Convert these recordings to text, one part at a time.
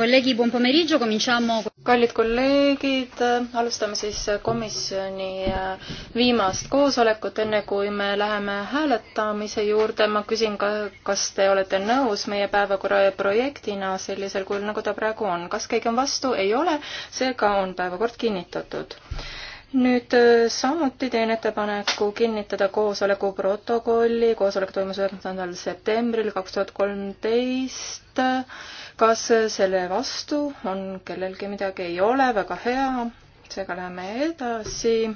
kolleegi, buon pomeriggio, cominciamo. kallid kolleegid, alustame siis komisjoni äh, viimast koosolekut, enne kui me läheme hääletamise juurde, ma küsin ka, kas te olete nõus meie päevakorra projektina sellisel kujul, nagu ta praegu on. kas keegi on vastu? ei ole, seega on päevakord kinnitatud nüüd äh, samuti teen ettepaneku kinnitada koosoleku protokolli, koosolek toimus üheksandal septembril kaks tuhat kolmteist. kas selle vastu on kellelgi midagi? ei ole, väga hea. seega läheme edasi.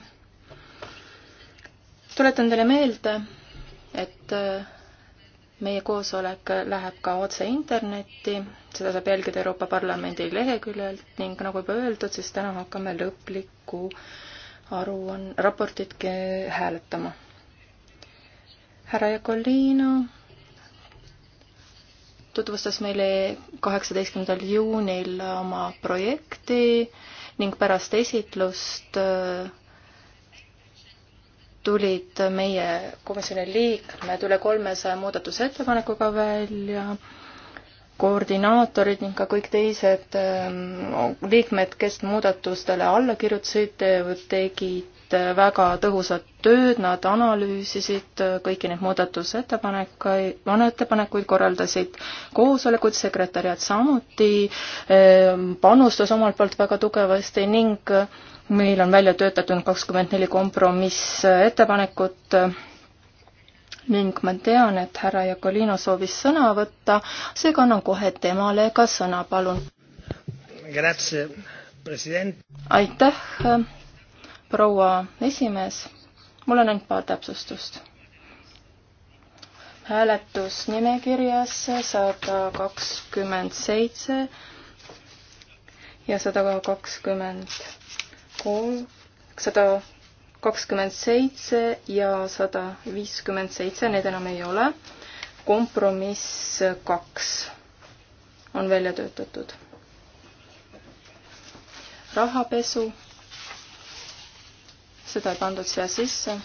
tuletan teile meelde, et äh, meie koosolek läheb ka otse internetti, seda saab jälgida Euroopa Parlamendi leheküljelt ning nagu juba öeldud, siis täna hakkame lõplikku aruan-, raportit hääletama. härra Jakolino tutvustas meile kaheksateistkümnendal juunil oma projekti ning pärast esitlust äh, tulid meie komisjoni liikmed üle kolmesaja muudatusettepanekuga välja koordinaatorid ning ka kõik teised ähm, liikmed, kes muudatustele alla kirjutasid, tegid äh, väga tõhusat tööd, nad analüüsisid äh, kõiki neid muudatusettepanekuid, ettepanekuid korraldasid koosolekuid, sekretäriat samuti ähm, panustas omalt poolt väga tugevasti ning äh, meil on välja töötatud kakskümmend neli kompromissettepanekut ning ma tean, et härra Jakolino soovis sõna võtta, seega annan kohe temale ka sõna, palun. aitäh, proua esimees. mul on ainult paar täpsustust. hääletusnimekirjas sada kakskümmend seitse ja sada kakskümmend kolm, sada kakskümmend seitse ja sada viiskümmend seitse, need enam ei ole. kompromiss kaks on välja töötatud. rahapesu, seda ei pandud siia sisse.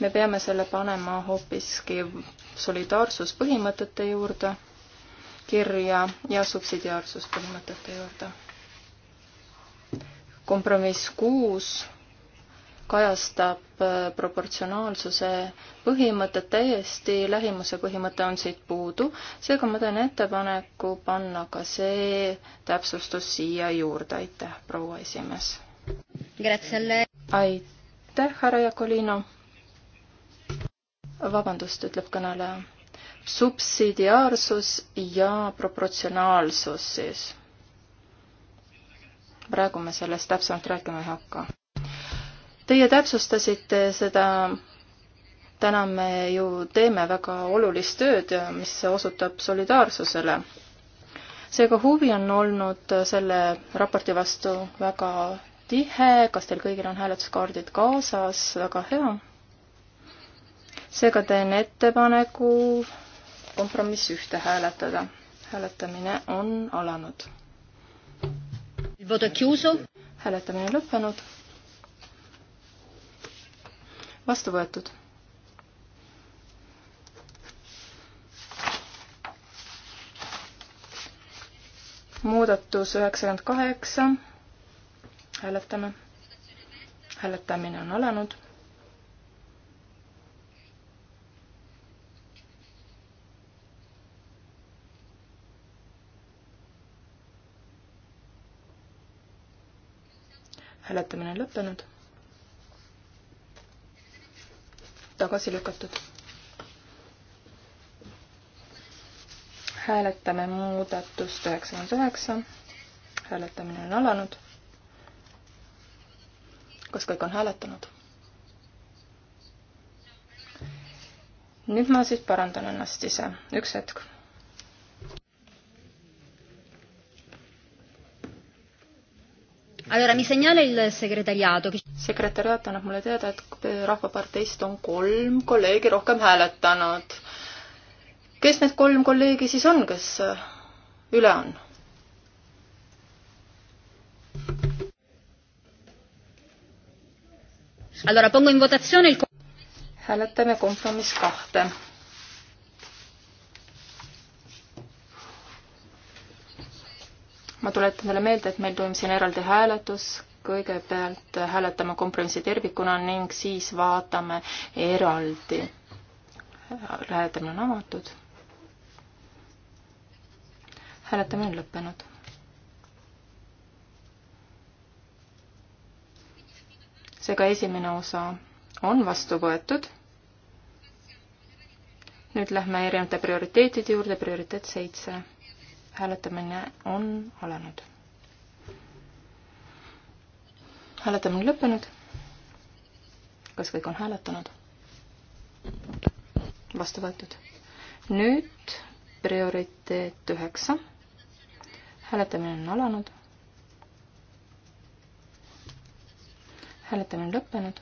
me peame selle panema hoopiski solidaarsuspõhimõtete juurde kirja ja subsidiaarsuspõhimõtete juurde. kompromiss kuus kajastab äh, proportsionaalsuse põhimõtet täiesti, lähimuse põhimõte on siit puudu, seega ma teen ettepaneku panna ka see täpsustus siia juurde, aitäh, proua esimees. aitäh, härra Jakolino. vabandust, ütleb kõneleja. subsidiaarsus ja proportsionaalsus siis. praegu me sellest täpsemalt rääkima ei hakka Teie täpsustasite seda täna me ju teeme väga olulist tööd, mis osutab solidaarsusele. seega huvi on olnud selle raporti vastu väga tihe, kas teil kõigil on hääletuskaardid kaasas, väga hea. seega teen ettepaneku kompromiss ühte hääletada. hääletamine on alanud. hääletamine lõppenud vastu võetud. muudatus üheksakümmend kaheksa, hääletame. hääletamine on alanud hääletamine on lõppenud tagasi lükatud. hääletame muudatust üheksakümmend üheksa. hääletamine on alanud. kas kõik on hääletanud? nüüd ma siis parandan ennast ise, üks hetk Allora mi segnala il segretariato che sekretäriaat annab mulle teada, et Rahvaparteist on kolm kolleegi rohkem hääletanud. kes need kolm kolleegi siis on, kes äh, üle on? Allora pongo in votazione il hääletame kompromiss kahte. ma tuletan teile meelde, et meil toimub siin eraldi hääletus kõigepealt hääletame kompromissi tervikuna ning siis vaatame eraldi. hääletamine on avatud. hääletamine on lõppenud. seega esimene osa on vastu võetud. nüüd lähme erinevate prioriteetide juurde, prioriteet seitse. hääletamine on alanud hääletamine on lõppenud. kas kõik on hääletanud? vastu võetud. nüüd prioriteet üheksa. hääletamine on alanud. hääletamine on lõppenud.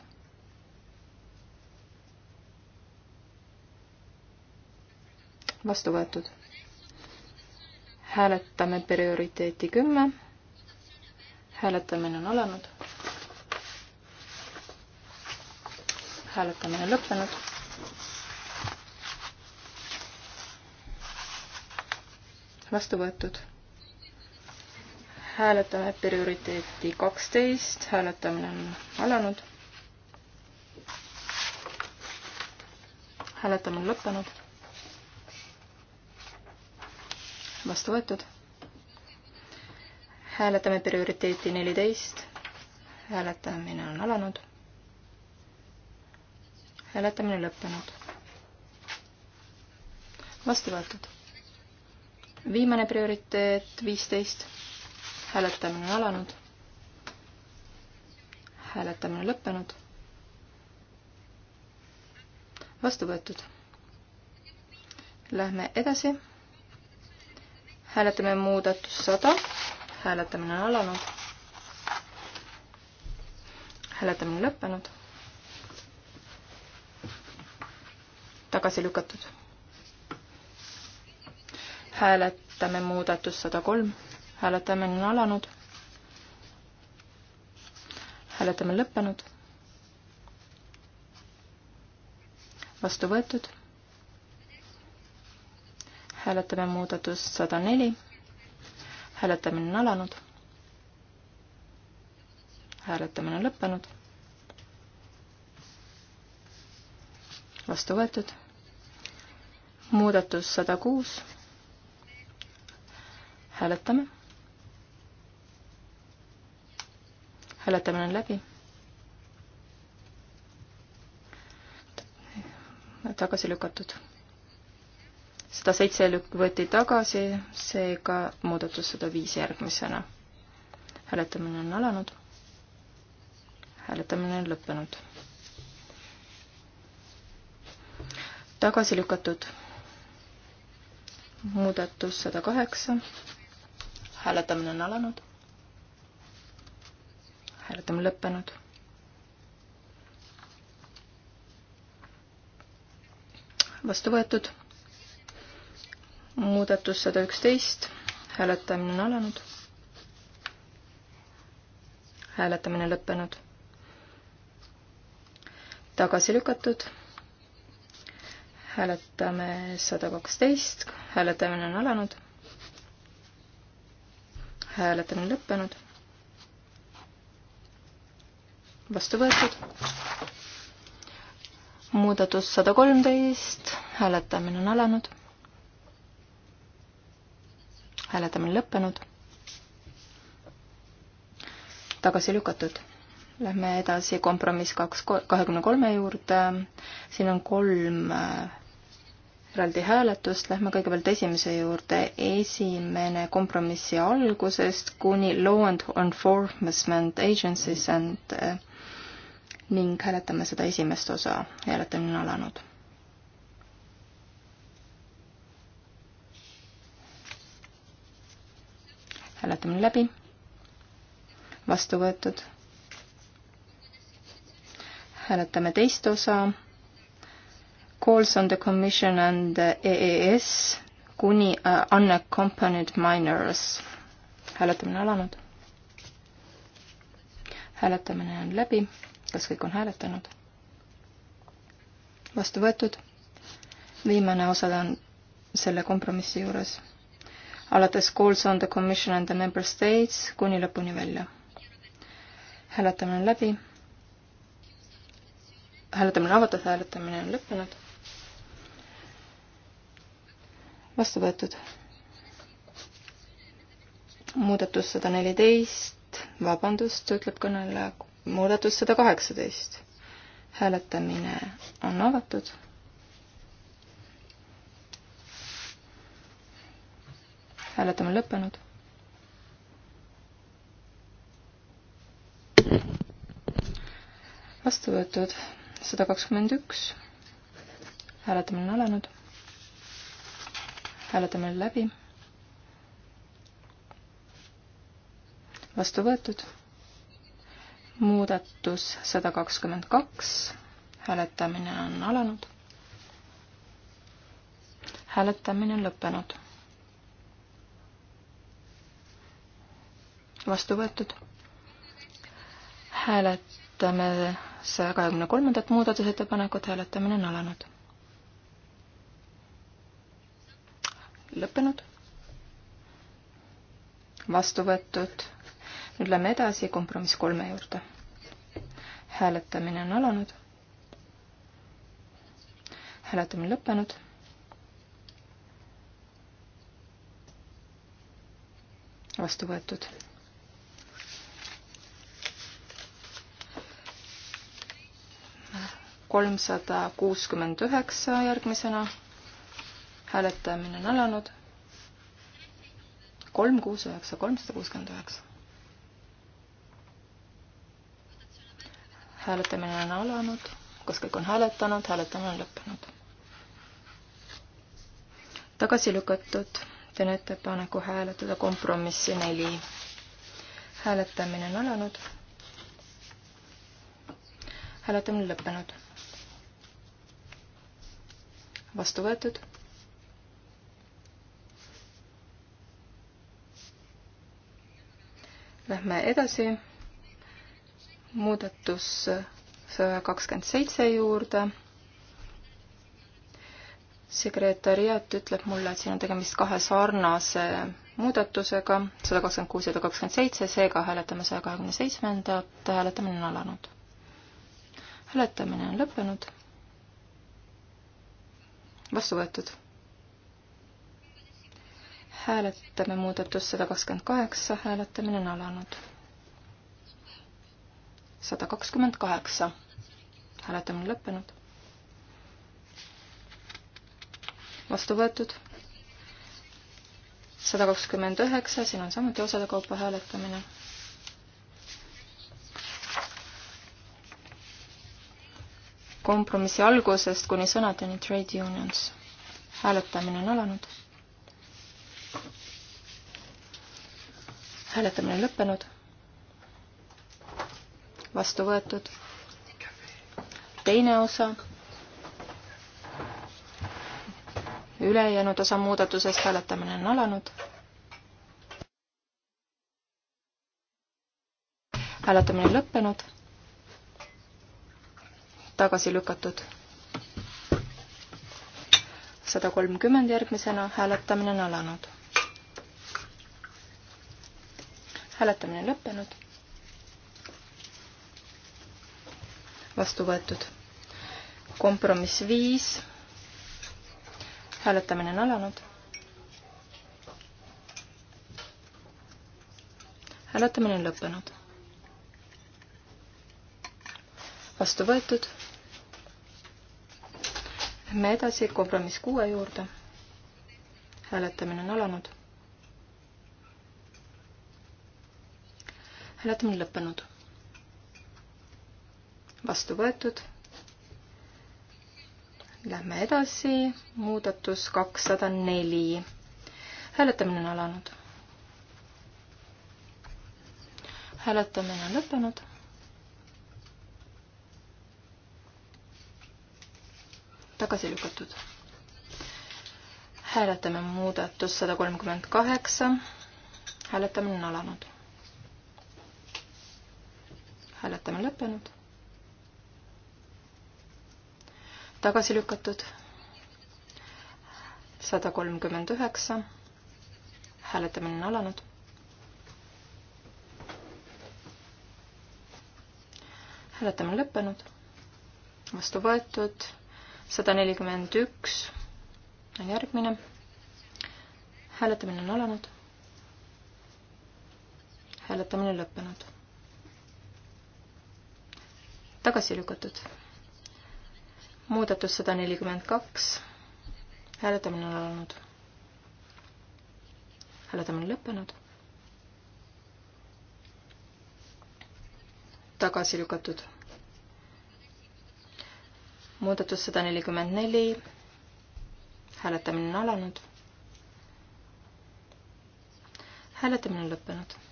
vastu võetud. hääletame prioriteeti kümme. hääletamine on alanud. hääletamine lõppenud. vastu võetud. hääletame prioriteeti kaksteist, hääletamine on alanud. hääletamine on lõppenud. vastu võetud. hääletame prioriteeti neliteist, hääletamine on alanud hääletamine lõppenud. vastu võetud. viimane prioriteet viisteist. hääletamine on alanud. hääletamine lõppenud. vastu võetud. Lähme edasi. hääletame muudatus sada. hääletamine on alanud. hääletamine lõppenud tagasi lükatud. hääletame muudatust sada kolm, hääletamine on alanud. hääletamine lõppenud. vastu võetud. hääletame muudatust sada neli, hääletamine on alanud. hääletamine on lõppenud vastu võetud muudatus sada kuus. hääletame. hääletamine on läbi. tagasi lükatud. sada seitse võeti tagasi, seega muudatus sada viis järgmisena. hääletamine on alanud. hääletamine on lõppenud. tagasi lükatud muudatus sada kaheksa. hääletamine on alanud. hääletamine lõppenud. vastu võetud. muudatus sada üksteist. hääletamine on alanud. hääletamine lõppenud. tagasi lükatud hääletame sada kaksteist, hääletamine on alanud. hääletamine lõppenud. vastu võetud. muudatus sada kolmteist, hääletamine on alanud. hääletamine lõppenud. tagasi lükatud Lähme edasi kompromiss kaks, kahekümne kolme juurde. siin on kolm äh, eraldi hääletust, lähme kõigepealt esimese juurde. esimene kompromissi algusest kuni law enforcement agencies and äh, ning hääletame seda esimest osa. hääletamine on alanud. hääletamine läbi. vastu võetud. hääletame teist osa calls on the Commission and the EES kuni uh, unaccompanied minors. hääletamine alanud. hääletamine on läbi. kas kõik on hääletanud? vastu võetud. viimane osa on selle kompromissi juures. alates calls on the commission and the member states kuni lõpuni välja. hääletamine on läbi. hääletamine on avatud, hääletamine on lõppenud. vastu võetud. muudatus sada neliteist, vabandust, ütleb kõneleja, muudatus sada kaheksateist. hääletamine on avatud. hääletamine lõppenud. vastu võetud sada kakskümmend üks. hääletamine on alanud hääletame läbi. vastu võetud. muudatus sada kakskümmend kaks, hääletamine on alanud. hääletamine on lõppenud. vastu võetud. hääletame saja kahekümne kolmandat muudatusettepanekut, hääletamine on alanud lõppenud. vastu võetud. nüüd lähme edasi kompromiss kolme juurde. hääletamine on alanud. hääletamine lõppenud. vastu võetud. kolmsada kuuskümmend üheksa järgmisena hääletamine on alanud. kolm, kuus, üheksa, kolmsada kuuskümmend üheksa. hääletamine on alanud. kas kõik on hääletanud? hääletamine on lõppenud. tagasi lükatud. teen ettepaneku hääletada kompromissi neli. hääletamine on alanud. hääletamine lõppenud. vastu võetud Lähme edasi muudatus saja kakskümmend seitse juurde. sekretäriat ütleb mulle, et siin on tegemist kahe sarnase muudatusega, sada kakskümmend kuus ja sada kakskümmend seitse, seega hääletame saja kahekümne seitsmendat, hääletamine on alanud. hääletamine on lõppenud. vastu võetud hääletame muudatust sada kakskümmend kaheksa, hääletamine on alanud. sada kakskümmend kaheksa, hääletamine lõppenud. vastu võetud. sada kakskümmend üheksa, siin on samuti osade kaupa hääletamine. kompromissi algusest kuni sõnadeni trade unions. hääletamine on alanud hääletamine on lõppenud. vastu võetud. teine osa. ülejäänud osa muudatusest hääletamine on alanud. hääletamine on lõppenud. tagasi lükatud. sada kolmkümmend järgmisena hääletamine on alanud. hääletamine lõppenud. vastu võetud. kompromiss viis. hääletamine on alanud. hääletamine on lõppenud. vastu võetud. Lähme edasi kompromiss kuue juurde. hääletamine on alanud. hääletamine lõppenud. vastu võetud. Lähme edasi, muudatus kakssada neli. hääletamine on alanud. hääletamine on lõppenud. tagasi lükatud. hääletame muudatust sada kolmkümmend kaheksa. hääletamine on alanud hääletamine on lõppenud. tagasi lükatud. sada kolmkümmend üheksa. hääletamine on alanud. hääletamine lõppenud. vastu võetud. sada nelikümmend üks on järgmine. hääletamine on alanud hääletamine lõppenud tagasi lükatud. muudatus sada nelikümmend kaks, hääletamine on alanud. hääletamine lõppenud. tagasi lükatud. muudatus sada nelikümmend neli, hääletamine on alanud. hääletamine on lõppenud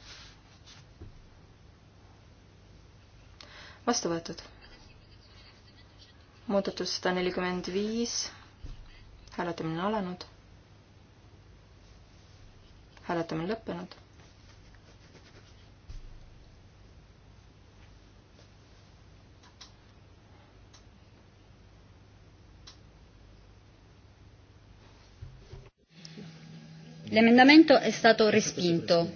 vastu võetud. muudatus sada nelikümmend viis, hääletamine on alanud. hääletamine lõppenud. L'emendamento è stato respinto.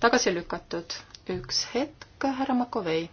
Tagasi lükatud. Üks hetk härra Makovei.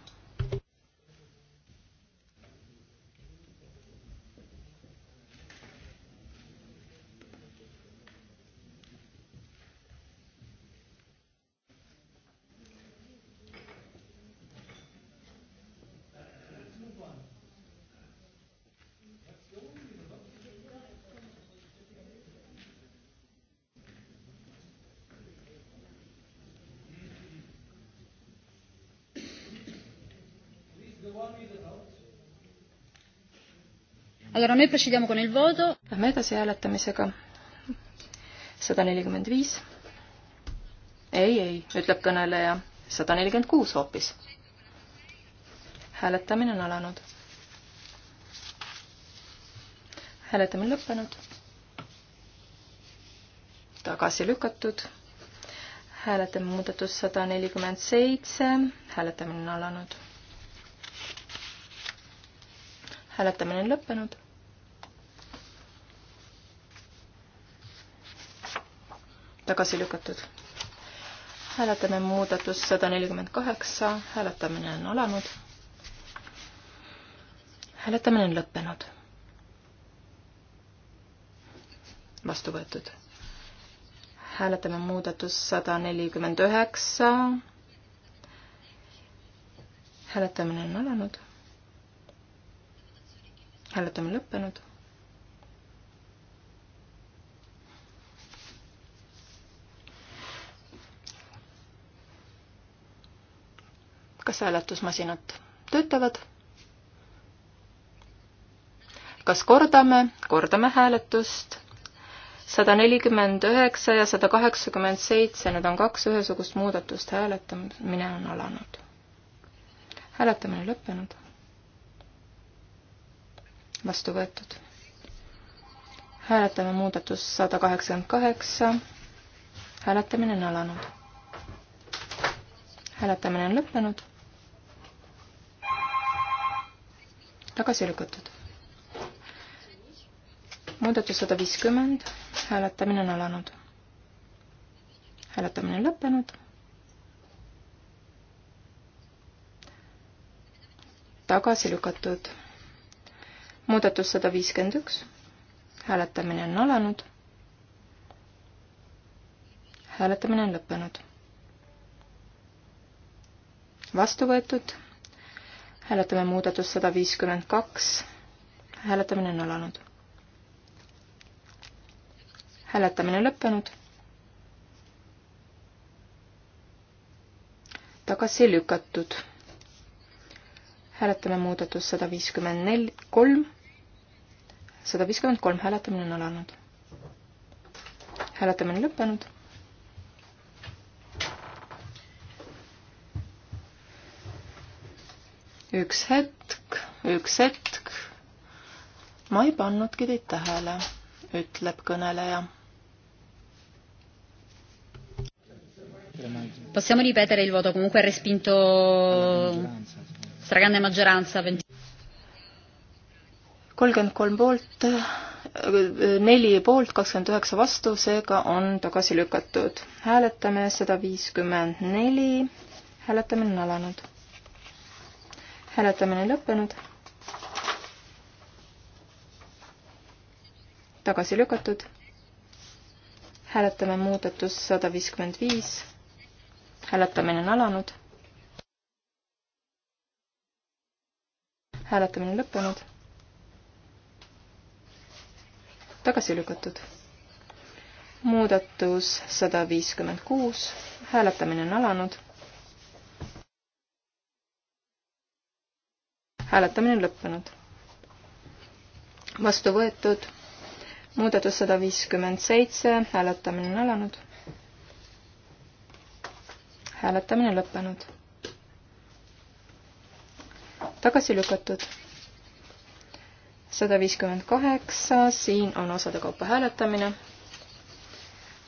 Lähme edasi hääletamisega. sada nelikümmend viis. ei, ei, ütleb kõneleja. sada nelikümmend kuus hoopis. hääletamine on alanud. hääletamine lõppenud. tagasi lükatud. hääletame muudatus sada nelikümmend seitse. hääletamine on alanud hääletamine on lõppenud tagasi lükatud. hääletame muudatust sada nelikümmend kaheksa, hääletamine on alanud. hääletamine on lõppenud. vastu võetud. hääletame muudatust sada nelikümmend üheksa. hääletamine on alanud. hääletamine lõppenud kas hääletusmasinad töötavad? kas kordame, kordame hääletust? sada nelikümmend üheksa ja sada kaheksakümmend seitse, need on kaks ühesugust muudatust, hääletamine on alanud. hääletamine lõppenud. vastu võetud. hääletame muudatus sada kaheksakümmend kaheksa. hääletamine on alanud. hääletamine on lõppenud. tagasi lükatud. muudatus sada viiskümmend, hääletamine on alanud. hääletamine on lõppenud. tagasi lükatud. muudatus sada viiskümmend üks, hääletamine on alanud. hääletamine on lõppenud. vastu võetud hääletame muudatust sada viiskümmend kaks. hääletamine on alanud. hääletamine lõppenud. tagasi lükatud. hääletame muudatust sada viiskümmend nel-, kolm. sada viiskümmend kolm, hääletamine on alanud. hääletamine lõppenud üks hetk, üks hetk. ma ei pannudki teid tähele, ütleb kõneleja. Possiamo ripetere il voto, comunque respinto stragrande maggioranza. kolmkümmend kolm poolt, neli poolt, kakskümmend üheksa vastu, seega on tagasi lükatud. hääletame sada viiskümmend neli, hääletamine on alanud hääletamine lõppenud. tagasi lükatud. hääletame muudatus sada viiskümmend viis. hääletamine on alanud. hääletamine lõppenud. tagasi lükatud. muudatus sada viiskümmend kuus, hääletamine on alanud hääletamine on lõppenud. vastu võetud. muudatus sada viiskümmend seitse, hääletamine on alanud. hääletamine lõppenud. tagasi lükatud. sada viiskümmend kaheksa, siin on osade kaupa hääletamine.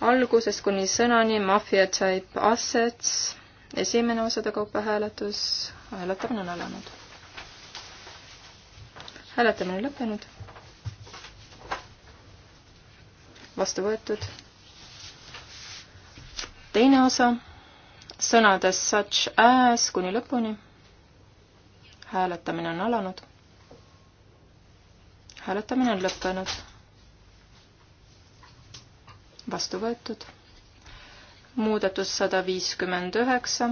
algusest kuni sõnani maffia type assets, esimene osade kaupa hääletus, hääletamine on alanud hääletamine on lõppenud. vastu võetud. teine osa sõnades such as kuni lõpuni. hääletamine on alanud. hääletamine on lõppenud. vastu võetud. muudatus sada viiskümmend üheksa.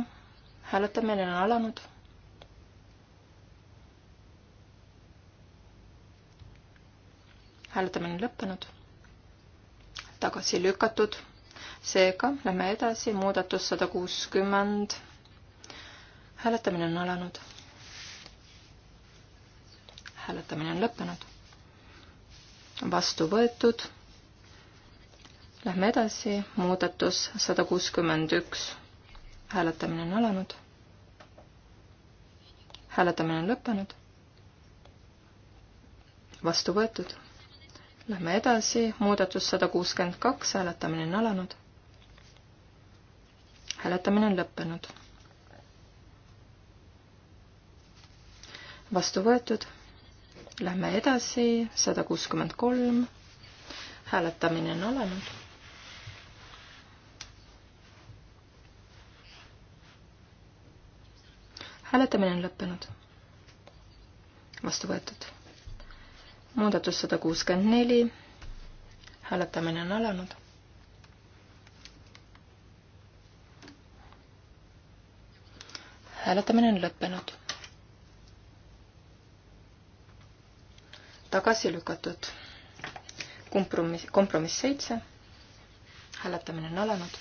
hääletamine on alanud hääletamine on lõppenud, tagasi lükatud. seega lähme edasi, muudatus sada kuuskümmend. hääletamine on alanud. hääletamine on lõppenud. vastu võetud. Lähme edasi, muudatus sada kuuskümmend üks. hääletamine on alanud. hääletamine on lõppenud vastu võetud. Lähme edasi, muudatus sada kuuskümmend kaks, hääletamine on alanud. hääletamine on lõppenud. vastu võetud. Lähme edasi, sada kuuskümmend kolm, hääletamine on alanud. hääletamine on lõppenud. vastu võetud muudatus sada kuuskümmend neli, hääletamine on alanud. hääletamine on lõppenud. tagasi lükatud. kompromiss, kompromiss seitse. hääletamine on alanud.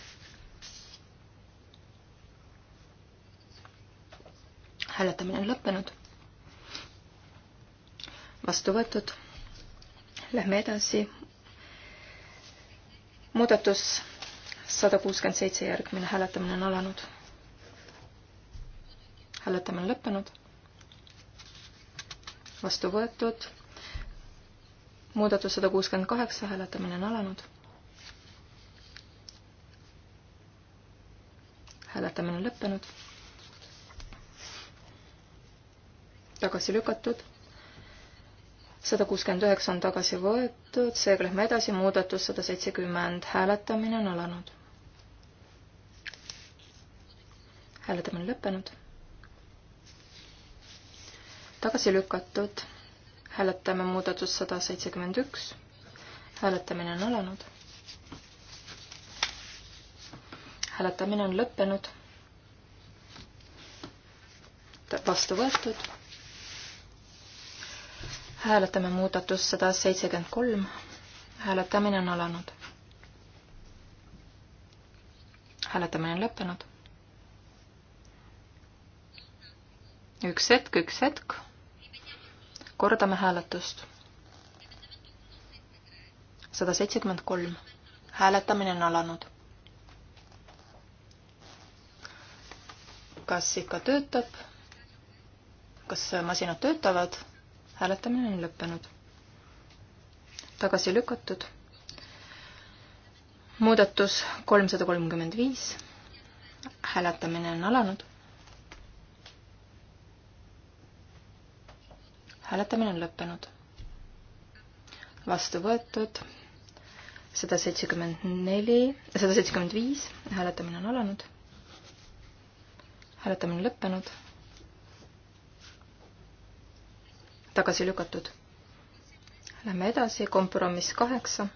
hääletamine on lõppenud vastu võetud. Lähme edasi. muudatus sada kuuskümmend seitse järgmine hääletamine on alanud. hääletamine on lõppenud. vastu võetud. muudatus sada kuuskümmend kaheksa, hääletamine on alanud. hääletamine on lõppenud. tagasi lükatud sada kuuskümmend üheksa on tagasi võetud, seega lähme edasi, muudatus sada seitsekümmend, hääletamine on alanud. hääletamine lõppenud. tagasi lükatud, hääletame muudatus sada seitsekümmend üks, hääletamine on alanud. hääletamine on lõppenud. vastu võetud hääletame muudatust sada seitsekümmend kolm. hääletamine on alanud. hääletamine on lõppenud. üks hetk, üks hetk. kordame hääletust. sada seitsekümmend kolm. hääletamine on alanud. kas ikka töötab? kas masinad töötavad? hääletamine on lõppenud. tagasi lükatud. muudatus kolmsada kolmkümmend viis. hääletamine on alanud. hääletamine on lõppenud. vastu võetud sada seitsekümmend neli, sada seitsekümmend viis, hääletamine on alanud. hääletamine on lõppenud tagasi lükatud. Lähme edasi, kompromiss kaheksa.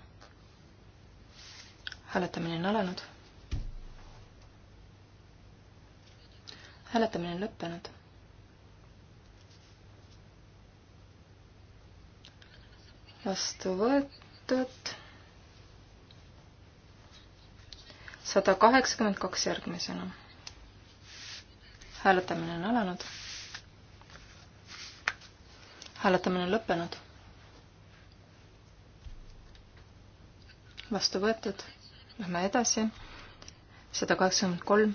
hääletamine on alanud. hääletamine on lõppenud. vastu võetud. sada kaheksakümmend kaks järgmisena. hääletamine on alanud hääletamine on lõppenud. vastu võetud. Lähme edasi. sada kaheksakümmend kolm.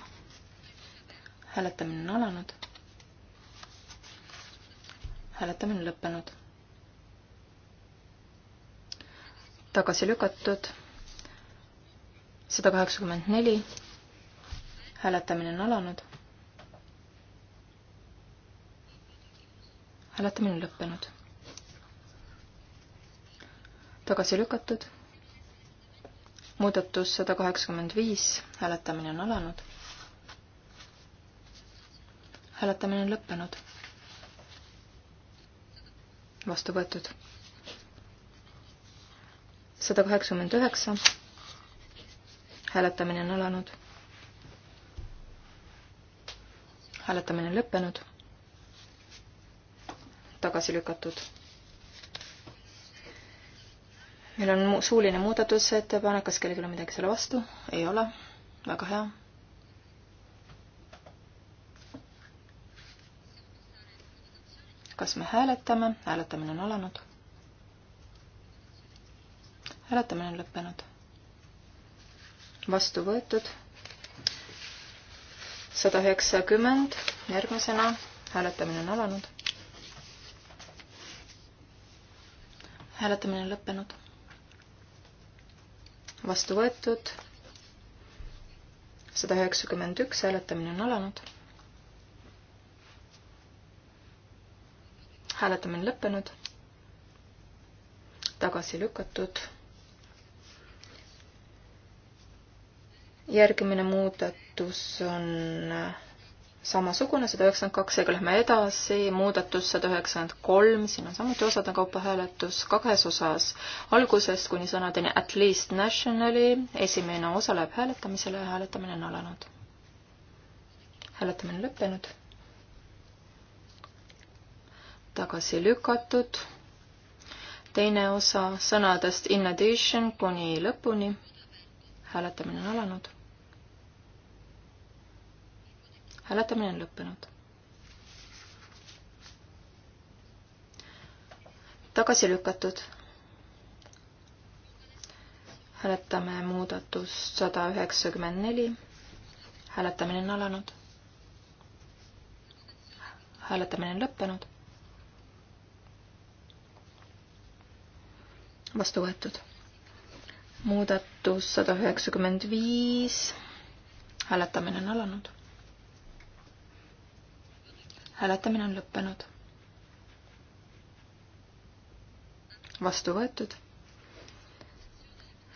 hääletamine on alanud. hääletamine on lõppenud. tagasi lükatud. sada kaheksakümmend neli. hääletamine on alanud. hääletamine on lõppenud. tagasi lükatud. muudatus sada kaheksakümmend viis, hääletamine on alanud. hääletamine on lõppenud. vastu võetud. sada kaheksakümmend üheksa, hääletamine on alanud hääletamine on lõppenud tagasi lükatud. meil on suuline muudatusettepanek, kas kellelgi on midagi selle vastu? ei ole, väga hea. kas me hääletame? hääletamine on alanud. hääletamine on lõppenud. vastu võetud sada üheksakümmend, järgmisena hääletamine on alanud hääletamine on lõppenud. vastu võetud. sada üheksakümmend üks, hääletamine on alanud. hääletamine lõppenud. tagasi lükatud. järgmine muudatus on samasugune, sada üheksakümmend kaks, seega lähme edasi, muudatus sada üheksakümmend kolm, siin on samuti osade kaupa nagu hääletus kahes osas. algusest kuni sõnadeni at least nationally, esimene osa läheb hääletamisele ja hääletamine on alanud. hääletamine lõppenud. tagasi lükatud. teine osa sõnadest in addition kuni lõpuni. hääletamine on alanud hääletamine on lõppenud. tagasi lükatud. hääletame muudatust sada üheksakümmend neli. hääletamine on alanud. hääletamine on lõppenud. vastu võetud muudatus sada üheksakümmend viis. hääletamine on alanud hääletamine on lõppenud. vastu võetud.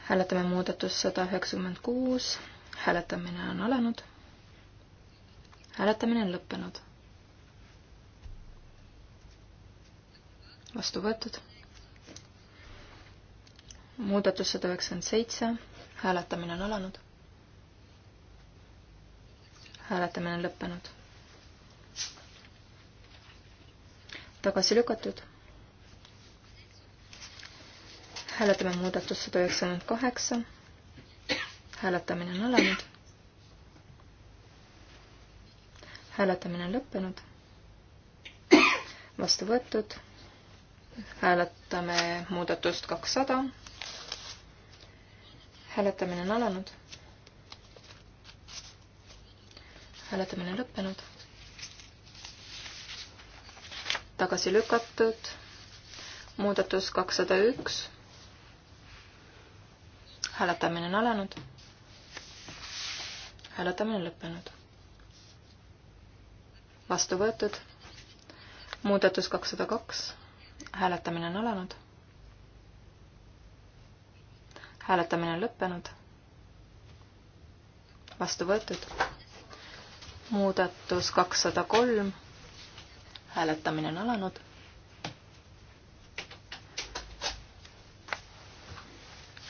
hääletame muudatus sada üheksakümmend kuus. hääletamine on alanud. hääletamine on lõppenud. vastu võetud. muudatus sada üheksakümmend seitse. hääletamine on alanud. hääletamine on lõppenud tagasi lükatud. hääletame muudatust sada üheksakümmend kaheksa. hääletamine on alanud. hääletamine on lõppenud. vastu võetud. hääletame muudatust kakssada. hääletamine on alanud. hääletamine on lõppenud tagasi lükatud. muudatus kakssada üks. hääletamine on alanud. hääletamine on lõppenud. vastu võetud. muudatus kakssada kaks. hääletamine on alanud. hääletamine on lõppenud. vastu võetud. muudatus kakssada kolm hääletamine on alanud.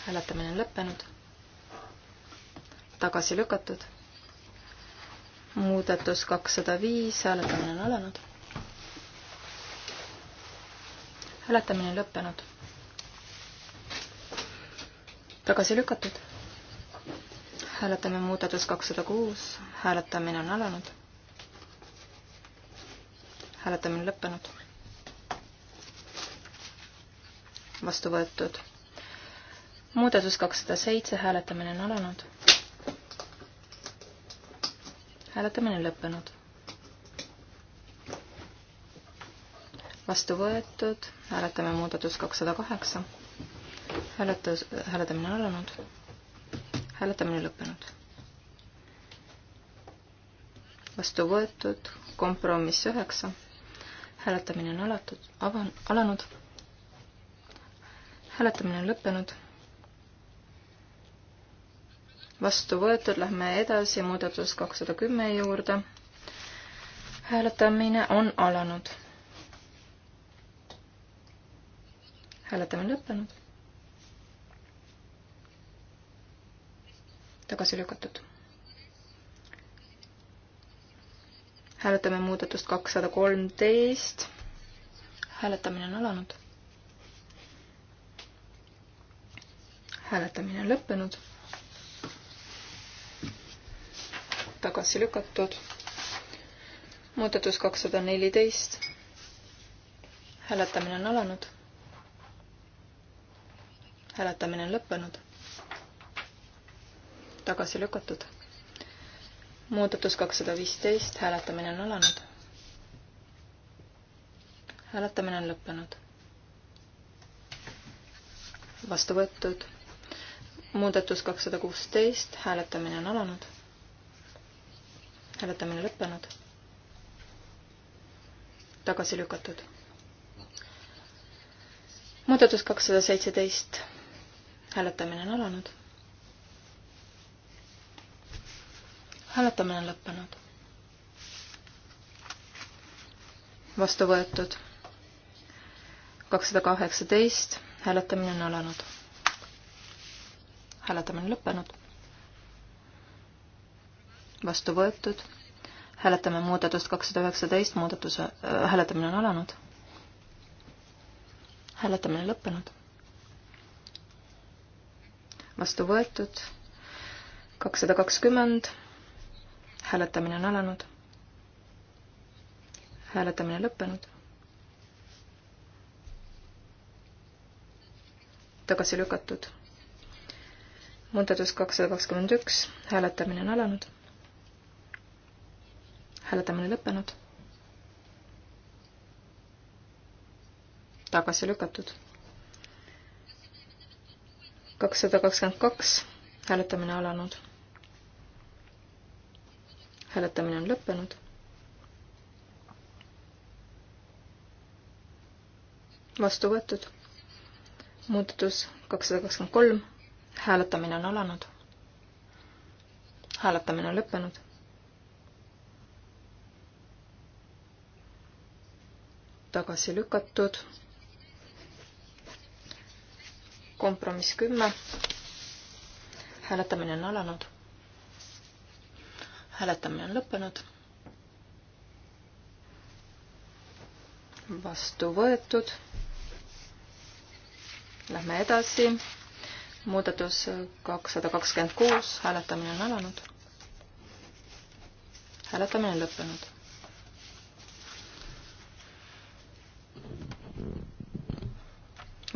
hääletamine on lõppenud. tagasi lükatud. muudatus kakssada viis, hääletamine on alanud. hääletamine on lõppenud. tagasi lükatud. hääletame muudatus kakssada kuus, hääletamine on alanud hääletamine lõppenud. vastu võetud. muudatus kakssada seitse, hääletamine on alanud. hääletamine on lõppenud. vastu võetud, hääletame muudatus kakssada kaheksa. hääletus, hääletamine on alanud. hääletamine lõppenud. vastu võetud, kompromiss üheksa hääletamine on alatud, avan, alanud. hääletamine on lõppenud. vastu võetud, lähme edasi muudatus kakssada kümme juurde. hääletamine on alanud. hääletamine lõppenud. tagasi lükatud hääletame muudatust kakssada kolmteist. hääletamine on alanud. hääletamine on lõppenud. tagasi lükatud. muudatus kakssada neliteist. hääletamine on alanud. hääletamine on lõppenud. tagasi lükatud muudatus kakssada viisteist, hääletamine on alanud. hääletamine on lõppenud. vastu võetud. muudatus kakssada kuusteist, hääletamine on alanud. hääletamine lõppenud. tagasi lükatud. muudatus kakssada seitseteist, hääletamine on alanud hääletamine on lõppenud. vastu võetud. kakssada kaheksateist, hääletamine on alanud. hääletamine lõppenud. vastu võetud. hääletame muudatust kakssada üheksateist, muudatuse äh,, hääletamine on alanud. hääletamine lõppenud vastu võetud, kakssada kakskümmend, hääletamine on alanud. hääletamine lõppenud. tagasi lükatud. muudatus kakssada kakskümmend üks, hääletamine on alanud. hääletamine lõppenud. tagasi lükatud. kakssada kakskümmend kaks, hääletamine alanud hääletamine on lõppenud. vastu võetud. muudatus kakssada kakskümmend kolm. hääletamine on alanud. hääletamine on lõppenud. tagasi lükatud. kompromiss kümme. hääletamine on alanud hääletamine on lõppenud. vastu võetud. Lähme edasi. muudatus kakssada kakskümmend kuus, hääletamine on alanud. hääletamine on lõppenud.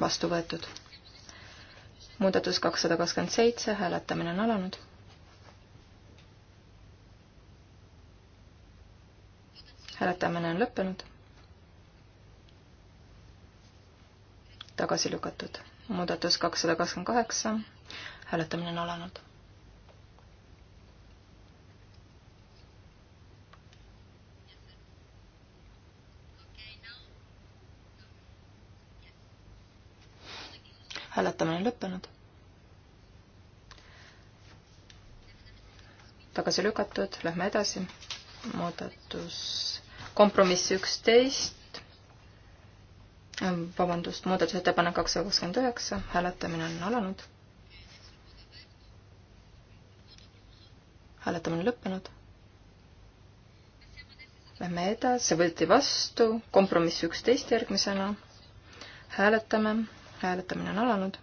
vastu võetud. muudatus kakssada kakskümmend seitse, hääletamine on alanud hääletamine on lõppenud. tagasi lükatud. muudatus kakssada kakskümmend kaheksa. hääletamine on alanud. hääletamine on lõppenud. tagasi lükatud, lähme edasi. muudatus kompromiss üksteist, ähm, vabandust, muudatusettepanek kakssada kuuskümmend üheksa, hääletamine on alanud. hääletamine on lõppenud. Lähme edasi, võeti vastu, kompromiss üksteist järgmisena. hääletame, hääletamine on alanud.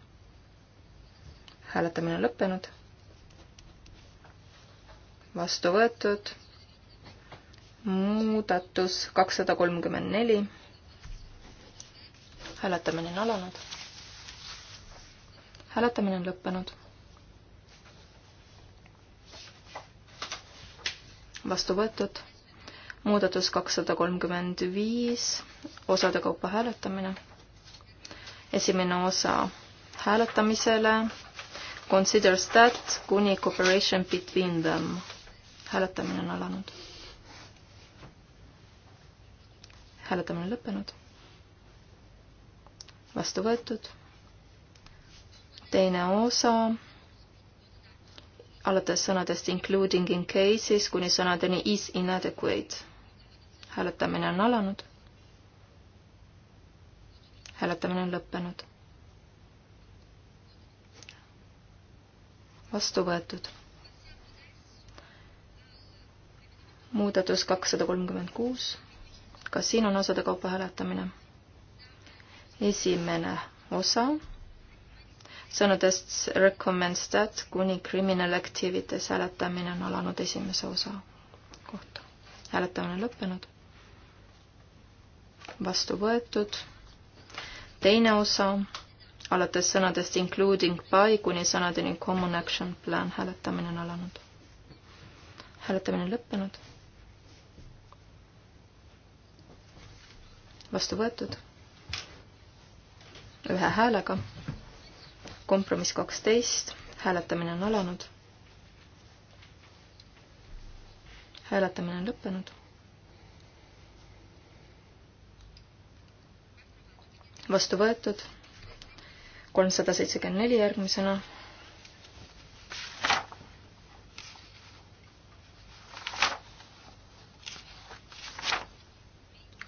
hääletamine on lõppenud. vastu võetud muudatus kakssada kolmkümmend neli. hääletamine on alanud. hääletamine on lõppenud. vastu võetud. muudatus kakssada kolmkümmend viis, osade kaupa hääletamine. esimene osa hääletamisele. Considers that kuni cooperation between them. hääletamine on alanud hääletamine on lõppenud. vastu võetud. teine osa alates sõnadest including in cases kuni sõnadeni is inadequate. hääletamine on alanud. hääletamine on lõppenud. vastu võetud. muudatus kakssada kolmkümmend kuus kas siin on osade kaupa hääletamine? esimene osa sõnadest recommends that kuni criminal activities hääletamine on alanud esimese osa kohta. hääletamine on lõppenud. vastu võetud. teine osa alates sõnadest including by kuni sõnadeni common action plan hääletamine on alanud. hääletamine on lõppenud vastu võetud ühe häälega. kompromiss kaksteist, hääletamine on alanud. hääletamine on lõppenud. vastu võetud kolmsada seitsekümmend neli järgmisena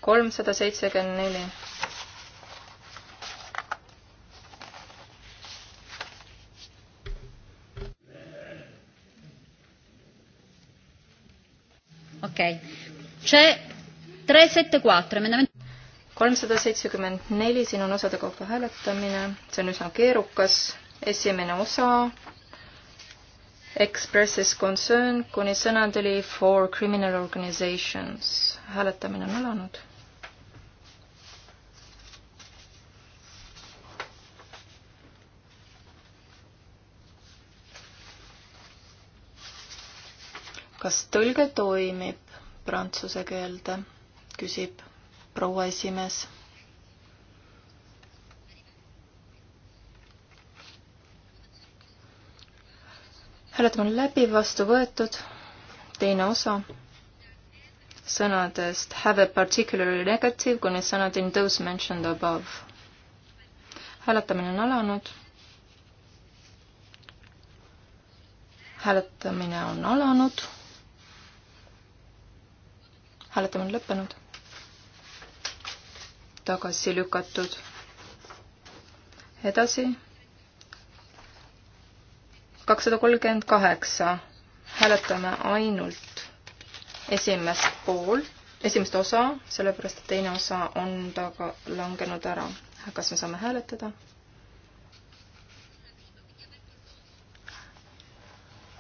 kolmsada seitsekümmend neli. okei okay., see tre sette quattro emendament. kolmsada seitsekümmend neli, siin on osade kaupa hääletamine, see on üsna keerukas. esimene osa expresses concern kuni sõnadeni for criminal organizations. hääletamine on alanud kas tõlge toimib prantsuse keelde, küsib proua esimees. hääletamine on läbi, vastu võetud, teine osa sõnadest have a particularly negative kuni sõnadeni those mentioned above. hääletamine on alanud. hääletamine on alanud hääletamine on lõppenud. tagasi lükatud. edasi. kakssada kolmkümmend kaheksa. hääletame ainult esimest poolt, esimest osa, sellepärast et teine osa on taga langenud ära. kas me saame hääletada?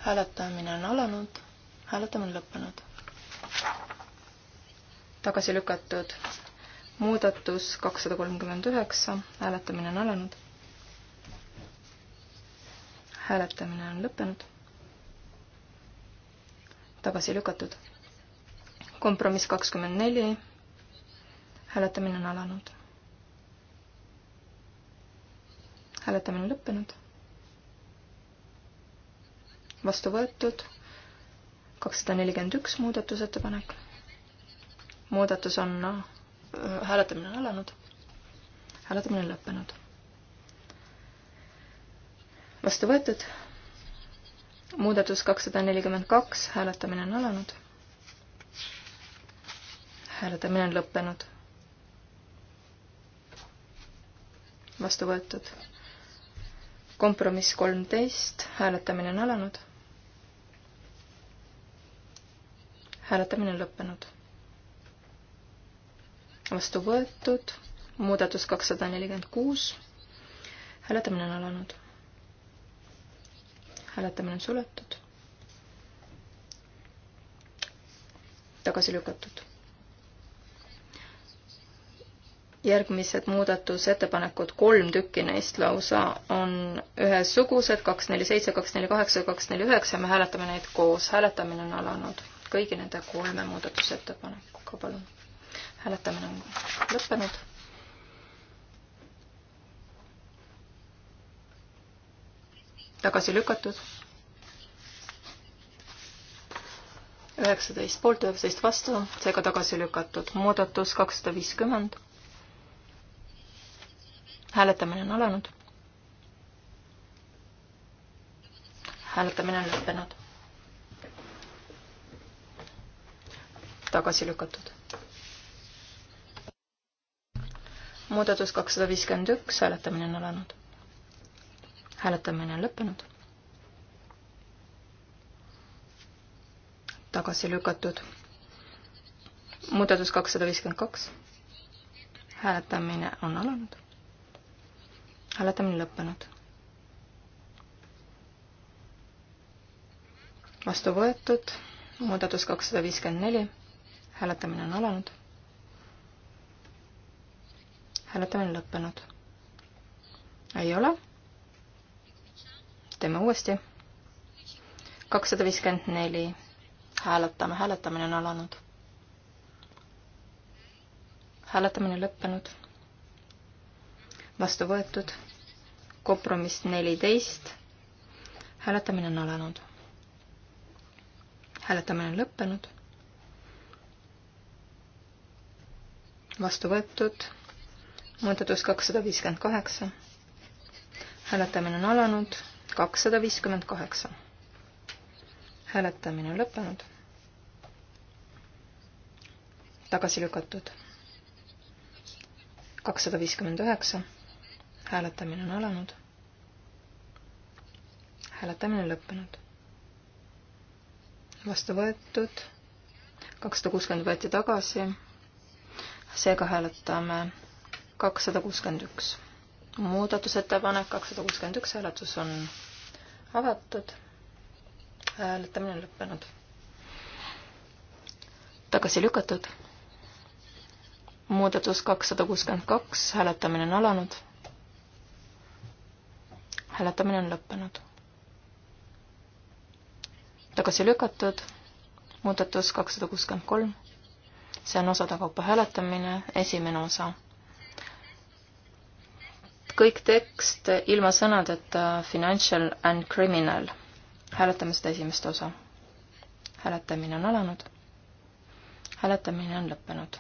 hääletamine on alanud, hääletamine lõppenud tagasi lükatud. muudatus kakssada kolmkümmend üheksa, hääletamine on alanud. hääletamine on lõppenud. tagasi lükatud. kompromiss kakskümmend neli, hääletamine on alanud. hääletamine lõppenud. vastu võetud kakssada nelikümmend üks muudatusettepanek muudatus on, noh, hääletamine on alanud, hääletamine on lõppenud. vastu võetud. muudatus kakssada nelikümmend kaks, hääletamine on alanud. hääletamine on lõppenud. vastu võetud. kompromiss kolmteist, hääletamine on alanud. hääletamine on lõppenud vastu võetud, muudatus kakssada nelikümmend kuus, hääletamine on alanud. hääletamine on suletud. tagasi lükatud. järgmised muudatusettepanekud, kolm tükki neist lausa, on ühesugused, kaks, neli, seitse, kaks, neli, kaheksa, kaks, neli, üheksa, me hääletame neid koos, hääletamine on alanud kõigi nende kolme muudatusettepanekuga, palun hääletamine on lõppenud. tagasi lükatud. üheksateist poolt, üheksateist vastu, seega tagasi lükatud. muudatus kakssada viiskümmend. hääletamine on alanud. hääletamine on lõppenud. tagasi lükatud. muudatus kakssada viiskümmend üks, hääletamine on alanud. hääletamine on lõppenud. tagasi lükatud. muudatus kakssada viiskümmend kaks. hääletamine on alanud. hääletamine lõppenud. vastu võetud, muudatus kakssada viiskümmend neli, hääletamine on alanud hääletamine lõppenud. ei ole. teeme uuesti. kakssada viiskümmend neli. hääletame, hääletamine on alanud. hääletamine lõppenud. vastu võetud. kompromiss neliteist. hääletamine on alanud. hääletamine on lõppenud. vastu võetud muudatus kakssada viiskümmend kaheksa. hääletamine on alanud, kakssada viiskümmend kaheksa. hääletamine on lõppenud. tagasi lükatud. kakssada viiskümmend üheksa. hääletamine on alanud. hääletamine on lõppenud. vastu võetud. kakssada kuuskümmend võeti tagasi. seega hääletame kakssada kuuskümmend üks. muudatusettepanek kakssada kuuskümmend üks, hääletus on avatud. hääletamine on lõppenud. tagasi lükatud. muudatus kakssada kuuskümmend kaks, hääletamine on alanud hääletamine on lõppenud. tagasi lükatud muudatus kakssada kuuskümmend kolm. see on osade kaupa hääletamine, esimene osa kõik tekst ilma sõnadeta financial and criminal. hääletame seda esimest osa. hääletamine on alanud. hääletamine on lõppenud.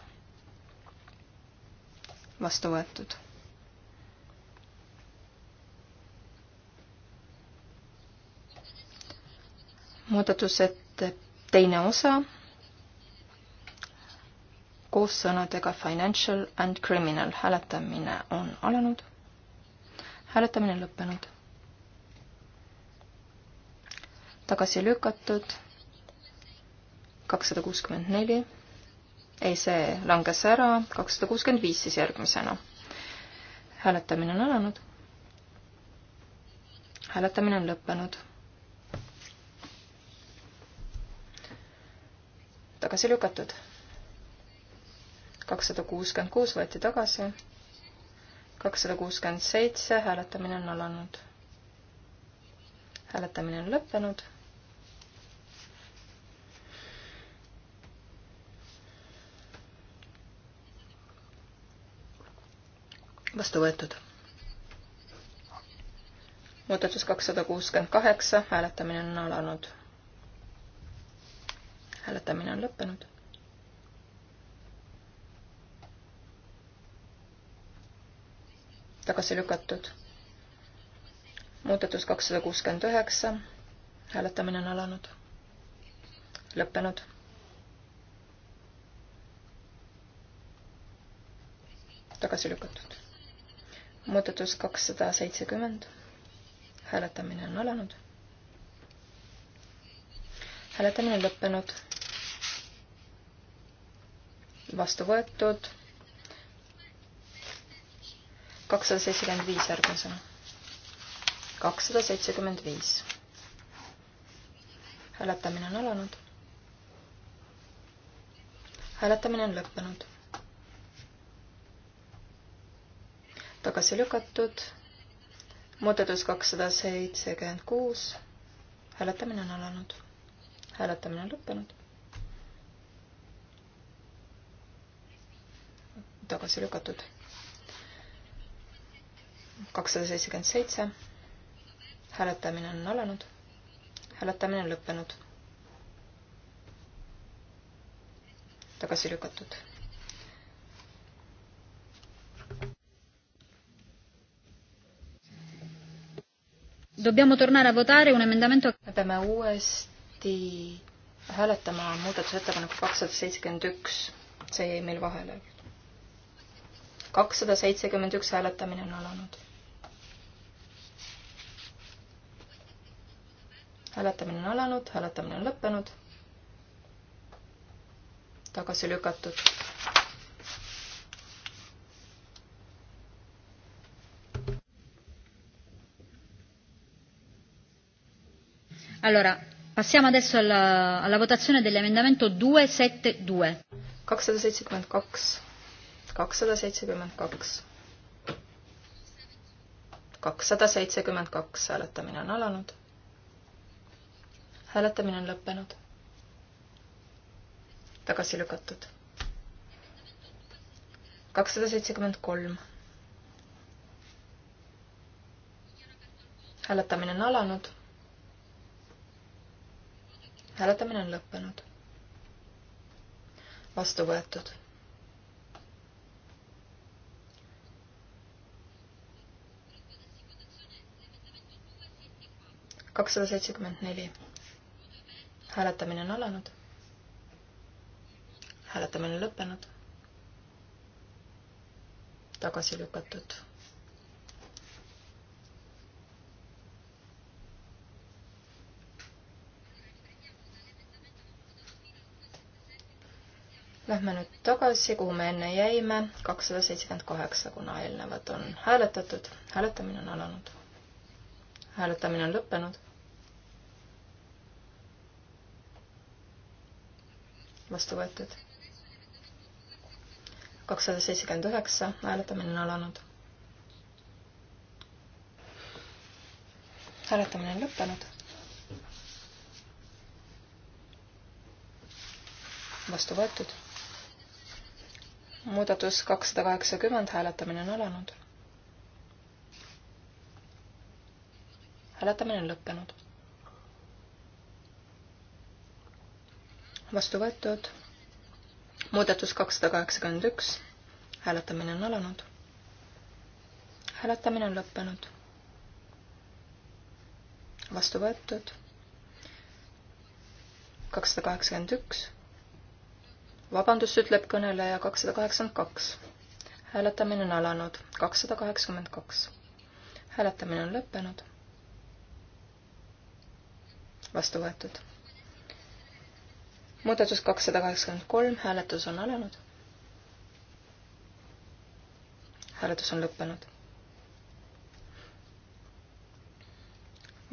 vastu võetud. muudatused teine osa koos sõnadega financial and criminal hääletamine on alanud hääletamine lõppenud. tagasi lükatud kakssada kuuskümmend neli. ei, see langes ära, kakssada kuuskümmend viis siis järgmisena. hääletamine on alanud. hääletamine on lõppenud. tagasi lükatud. kakssada kuuskümmend kuus võeti tagasi kakssada kuuskümmend seitse, hääletamine on alanud. hääletamine on lõppenud. vastu võetud. muudatus kakssada kuuskümmend kaheksa, hääletamine on alanud. hääletamine on lõppenud tagasi lükatud. muudatus kakssada kuuskümmend üheksa, hääletamine on alanud, lõppenud. tagasi lükatud. muudatus kakssada seitsekümmend, hääletamine on alanud. hääletamine on lõppenud. vastu võetud kakssada seitsekümmend viis järgmisena. kakssada seitsekümmend viis. hääletamine on alanud. hääletamine on lõppenud. tagasi lükatud. muudatus kakssada seitsekümmend kuus. hääletamine on alanud. hääletamine on lõppenud tagasi lükatud kakssada seitsekümmend seitse. hääletamine on alanud. hääletamine on lõppenud. tagasi lükatud. Dobbiamo tornare a votare un emendamento. me peame uuesti hääletama muudatusettepanekut kakssada seitsekümmend üks. see jäi meil vahele. kakssada seitsekümmend üks hääletamine on alanud hääletamine on alanud, hääletamine on lõppenud. tagasi lükatud. Allora, passiamo adesso alla, alla votazione dell'emendamento 272. 272. 272. 272 hääletamine on alanud hääletamine on lõppenud. tagasi lükatud. kakssada seitsekümmend kolm. hääletamine on alanud. hääletamine on lõppenud. vastu võetud. kakssada seitsekümmend neli hääletamine on alanud. hääletamine on lõppenud. tagasi lükatud. Lähme nüüd tagasi, kuhu me enne jäime, kakssada seitsekümmend kaheksa, kuna eelnevad on hääletatud. hääletamine on alanud. hääletamine on lõppenud vastu võetud. kakssada seitsekümmend üheksa, hääletamine on alanud. hääletamine on lõppenud. vastu võetud. muudatus kakssada kaheksakümmend, hääletamine on alanud. hääletamine on lõppenud vastu võetud. muudatus kakssada kaheksakümmend üks, hääletamine on alanud. hääletamine on lõppenud. vastu võetud. kakssada kaheksakümmend üks. vabandust, ütleb kõneleja kakssada kaheksakümmend kaks. hääletamine on alanud, kakssada kaheksakümmend kaks. hääletamine on lõppenud. vastu võetud muudatus kakssada kaheksakümmend kolm, hääletus on alanud. hääletus on lõppenud.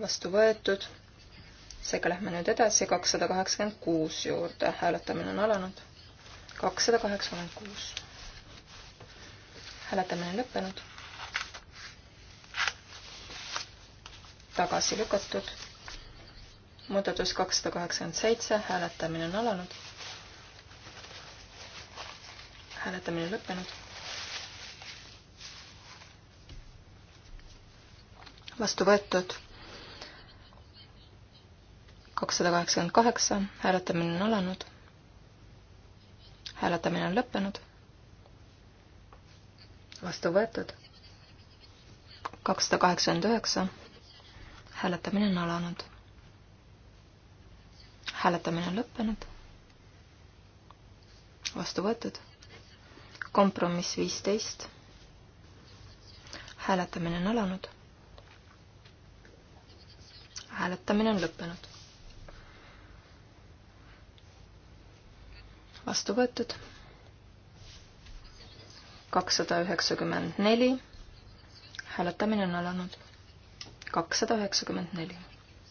vastu võetud. seega lähme nüüd edasi kakssada kaheksakümmend kuus juurde, hääletamine on alanud. kakssada kaheksakümmend kuus. hääletamine on lõppenud. tagasi lükatud muudatus kakssada kaheksakümmend seitse, hääletamine on alanud. hääletamine lõppenud. vastu võetud kakssada kaheksakümmend kaheksa, hääletamine on alanud. hääletamine on lõppenud. vastu võetud. kakssada kaheksakümmend üheksa, hääletamine on alanud hääletamine on lõppenud. vastu võetud. kompromiss viisteist. hääletamine on alanud. hääletamine on lõppenud. vastu võetud. kakssada üheksakümmend neli. hääletamine on alanud. kakssada üheksakümmend neli.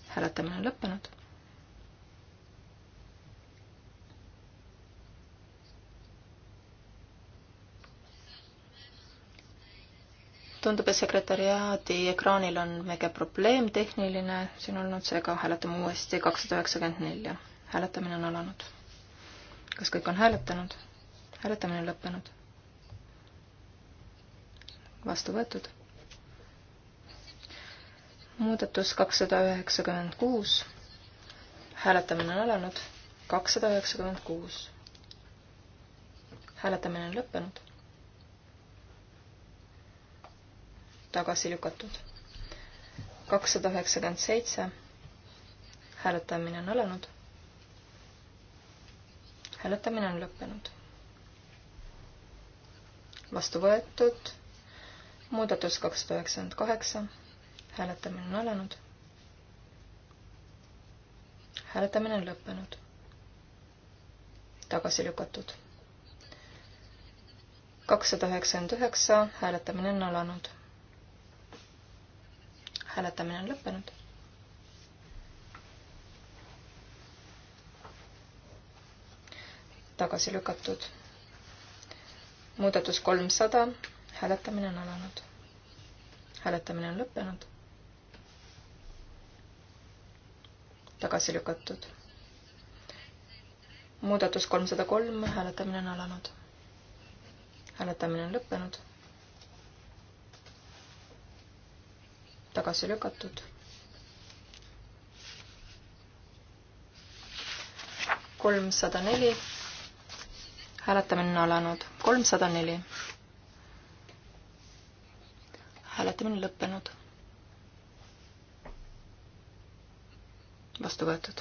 hääletamine on lõppenud tundub, et sekretäriaadi ekraanil on väike probleem, tehniline siin olnud, seega hääletame uuesti kakssada üheksakümmend nelja. hääletamine on alanud. kas kõik on hääletanud? hääletamine on lõppenud. vastu võetud. muudatus kakssada üheksakümmend kuus. hääletamine on alanud. kakssada üheksakümmend kuus. hääletamine on lõppenud tagasi lükatud. kakssada üheksakümmend seitse, hääletamine on alanud. hääletamine on lõppenud. vastu võetud, muudatus kakssada üheksakümmend kaheksa, hääletamine on alanud. hääletamine on lõppenud. tagasi lükatud kakssada üheksakümmend üheksa, hääletamine on alanud hääletamine on lõppenud. tagasi lükatud. muudatus kolmsada, hääletamine on alanud. hääletamine on lõppenud. tagasi lükatud. muudatus kolmsada kolm, hääletamine on alanud. hääletamine on lõppenud tagasi lükatud. kolmsada neli. hääletamine on alanud. kolmsada neli. hääletamine lõppenud. vastu võetud.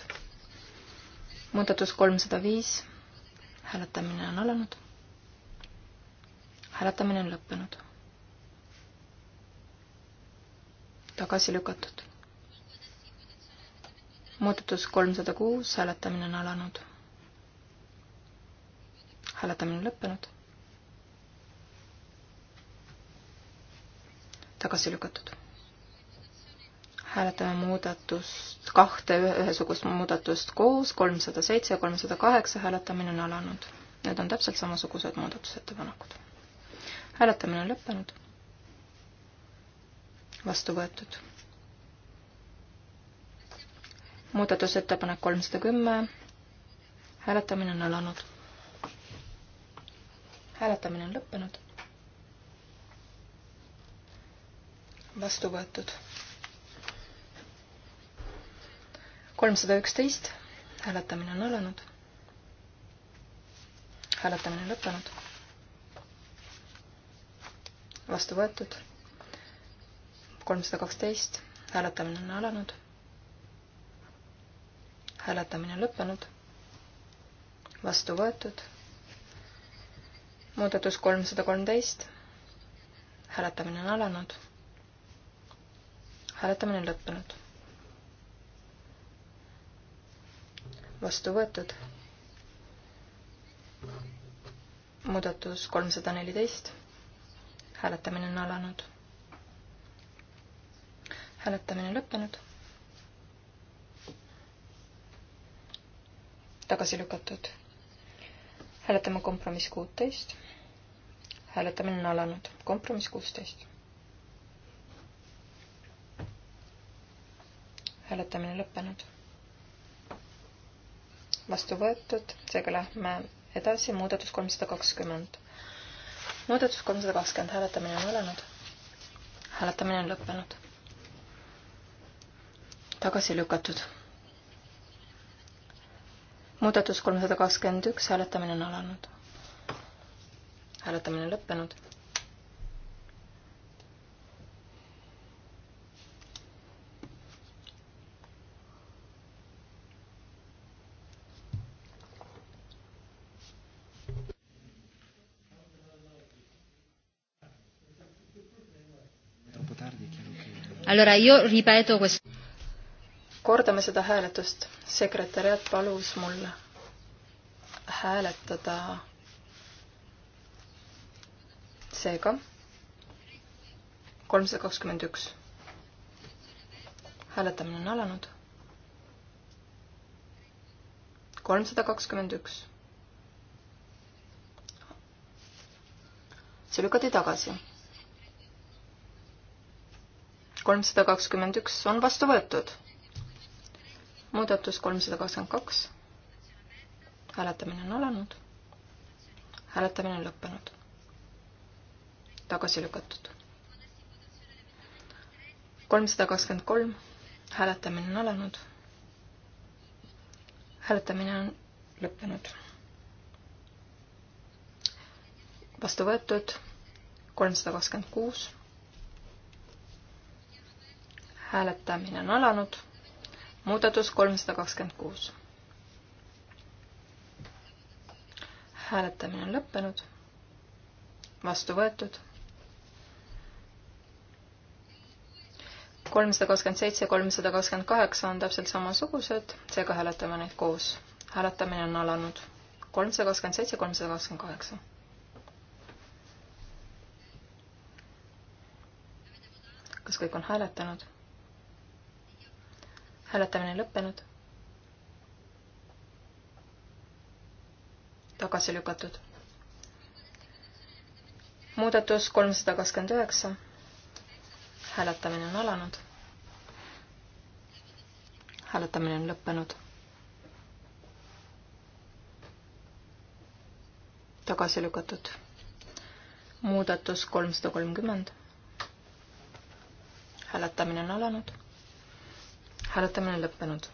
muudatus kolmsada viis. hääletamine on alanud. hääletamine on lõppenud tagasi lükatud. muudatus kolmsada kuus, hääletamine on alanud. hääletamine on lõppenud. tagasi lükatud. hääletame muudatust, kahte ühesugust muudatust koos, kolmsada seitse ja kolmsada kaheksa, hääletamine on alanud. Need on täpselt samasugused muudatusettepanekud. hääletamine on lõppenud vastu võetud. muudatusettepanek kolmsada kümme, hääletamine on alanud. hääletamine on lõppenud. vastu võetud. kolmsada üksteist, hääletamine on alanud. hääletamine on lõppenud. vastu võetud kolmsada kaksteist, hääletamine on alanud. hääletamine on lõppenud. vastu võetud. muudatus kolmsada kolmteist. hääletamine on alanud. hääletamine on lõppenud. vastu võetud. muudatus kolmsada neliteist. hääletamine on alanud hääletamine lõppenud. tagasi lükatud. hääletame kompromiss kuuteist. hääletamine on alanud. kompromiss kuusteist. hääletamine lõppenud. vastu võetud, seega lähme edasi, muudatus kolmsada kakskümmend. muudatus kolmsada kakskümmend, hääletamine on alanud. hääletamine on lõppenud tagasi lükatud. muudatus kolmsada kakskümmend üks, hääletamine on alanud. hääletamine on lõppenud. Allora io ripeto questo kordame seda hääletust. sekretäriat palus mul hääletada seega kolmsada kakskümmend üks. hääletamine on alanud. kolmsada kakskümmend üks. see lükati tagasi. kolmsada kakskümmend üks on vastu võetud muudatus kolmsada kakskümmend kaks. hääletamine on alanud. hääletamine on lõppenud. tagasi lükatud. kolmsada kakskümmend kolm. hääletamine on alanud. hääletamine on lõppenud. vastu võetud kolmsada kakskümmend kuus. hääletamine on alanud muudatus kolmsada kakskümmend kuus. hääletamine on lõppenud, vastu võetud. kolmsada kakskümmend seitse ja kolmsada kakskümmend kaheksa on täpselt samasugused, seega hääletame neid koos. hääletamine on alanud. kolmsada kakskümmend seitse, kolmsada kakskümmend kaheksa. kas kõik on hääletanud? hääletamine lõppenud. tagasi lükatud. muudatus kolmsada kakskümmend üheksa. hääletamine on alanud. hääletamine on lõppenud. tagasi lükatud. muudatus kolmsada kolmkümmend. hääletamine on alanud hääletamine lõppenud.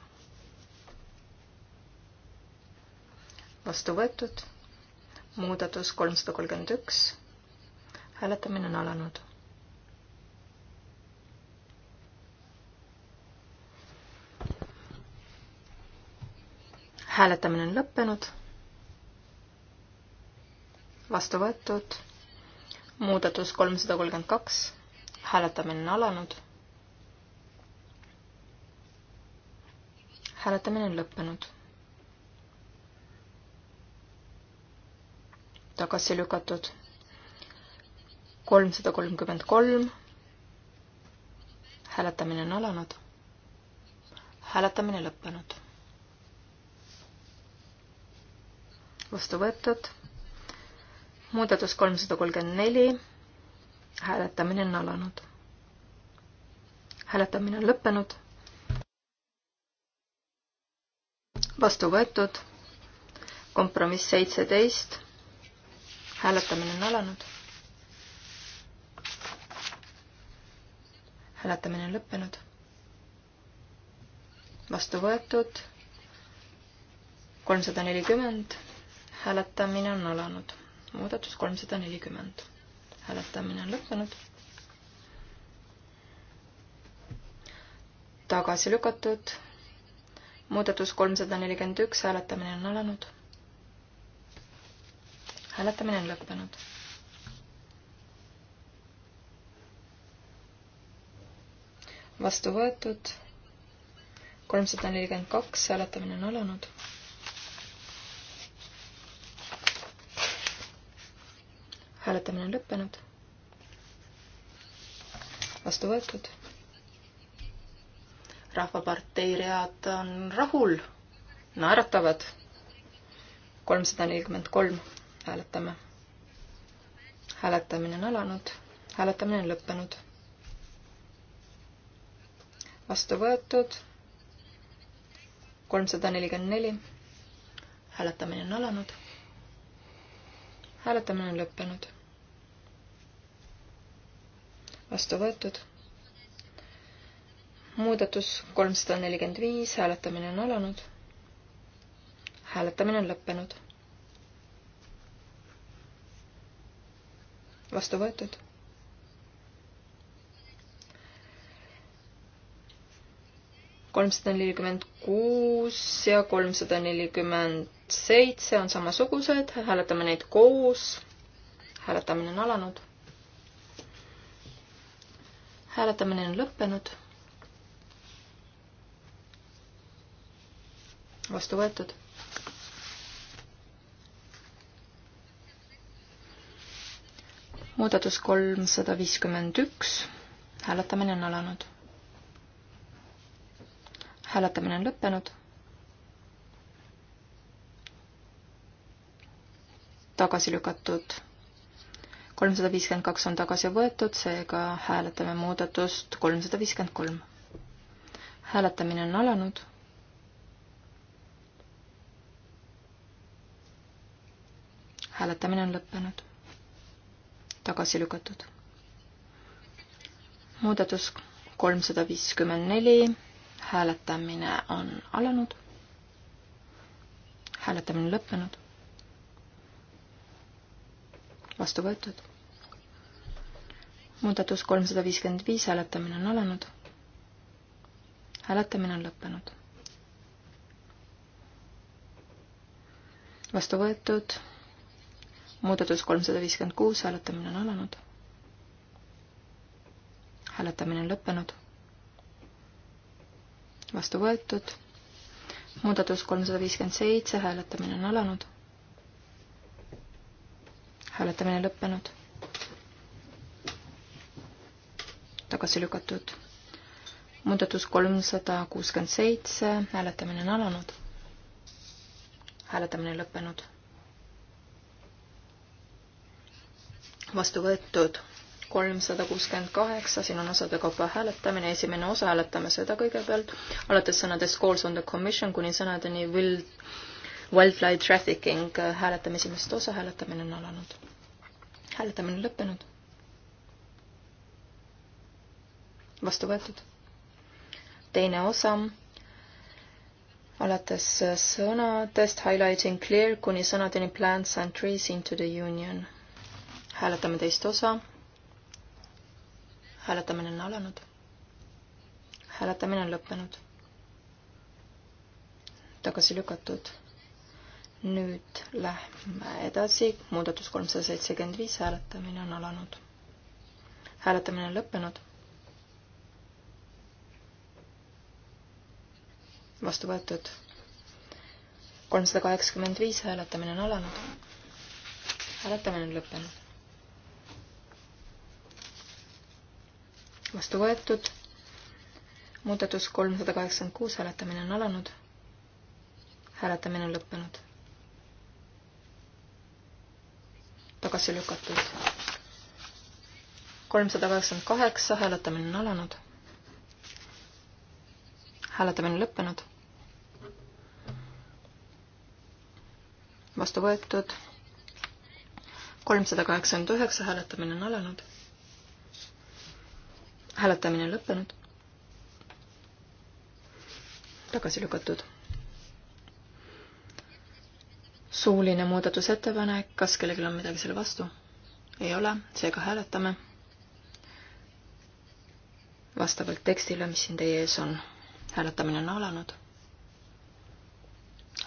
vastu võetud, muudatus kolmsada kolmkümmend üks, hääletamine on alanud. hääletamine on lõppenud. vastu võetud. muudatus kolmsada kolmkümmend kaks. hääletamine on alanud. hääletamine on lõppenud. tagasi lükatud kolmsada kolmkümmend kolm. hääletamine on alanud. hääletamine lõppenud. vastu võetud. muudatus kolmsada kolmkümmend neli. hääletamine on alanud. hääletamine on lõppenud vastu võetud. kompromiss seitseteist. hääletamine on alanud. hääletamine on lõppenud. vastu võetud. kolmsada nelikümmend. hääletamine on alanud. muudatus kolmsada nelikümmend. hääletamine on lõppenud tagasi lükatud muudatus kolmsada nelikümmend üks, hääletamine on alanud. hääletamine on lõppenud. vastu võetud. kolmsada nelikümmend kaks, hääletamine on alanud. hääletamine on lõppenud. vastu võetud rahvapartei read on rahul, naeratavad. kolmsada nelikümmend kolm hääletame. hääletamine on alanud, hääletamine on lõppenud. vastu võetud kolmsada nelikümmend neli. hääletamine on alanud. hääletamine on lõppenud. vastu võetud muudatus kolmsada nelikümmend viis, hääletamine on alanud. hääletamine on lõppenud. vastu võetud. kolmsada nelikümmend kuus ja kolmsada nelikümmend seitse on samasugused, hääletame neid koos. hääletamine on alanud. hääletamine on lõppenud vastu võetud. muudatus kolmsada viiskümmend üks, hääletamine on alanud. hääletamine on lõppenud. tagasi lükatud kolmsada viiskümmend kaks on tagasi võetud, seega hääletame muudatust kolmsada viiskümmend kolm. hääletamine on alanud hääletamine on lõppenud. tagasi lükatud. muudatus kolmsada viiskümmend neli, hääletamine on alanud. hääletamine lõppenud. vastu võetud. muudatus kolmsada viiskümmend viis, hääletamine on alanud. hääletamine on lõppenud. vastu võetud muudatus kolmsada viiskümmend kuus, hääletamine on alanud. hääletamine on lõppenud. vastu võetud. muudatus kolmsada viiskümmend seitse, hääletamine on alanud. hääletamine lõppenud. tagasi lükatud. muudatus kolmsada kuuskümmend seitse, hääletamine on alanud. hääletamine lõppenud vastu võetud kolmsada kuuskümmend kaheksa, siin on osade kaupa hääletamine, esimene osa, hääletame seda kõigepealt, alates sõnadest calls on the commission kuni sõnadeni will wildlife trafficking, hääletame esimest osa, hääletamine on alanud. hääletamine on lõppenud. vastu võetud. teine osa, alates sõnadest highlighting clear kuni sõnadeni plants and trees into the union hääletame teist osa. hääletamine on alanud. hääletamine on lõppenud. tagasi lükatud. nüüd lähme edasi, muudatus kolmsada seitsekümmend viis, hääletamine on alanud. hääletamine on lõppenud. vastu võetud. kolmsada kaheksakümmend viis, hääletamine on alanud. hääletamine on lõppenud vastu võetud. muudatus kolmsada kaheksakümmend kuus, hääletamine on alanud. hääletamine on lõppenud. tagasi lükatud. kolmsada kaheksakümmend kaheksa, hääletamine on alanud. hääletamine lõppenud. vastu võetud. kolmsada kaheksakümmend üheksa, hääletamine on alanud hääletamine on lõppenud. tagasi lükatud. suuline muudatusettepanek, kas kellelgi on midagi selle vastu? ei ole, seega hääletame vastavalt tekstile, mis siin teie ees on. hääletamine on alanud.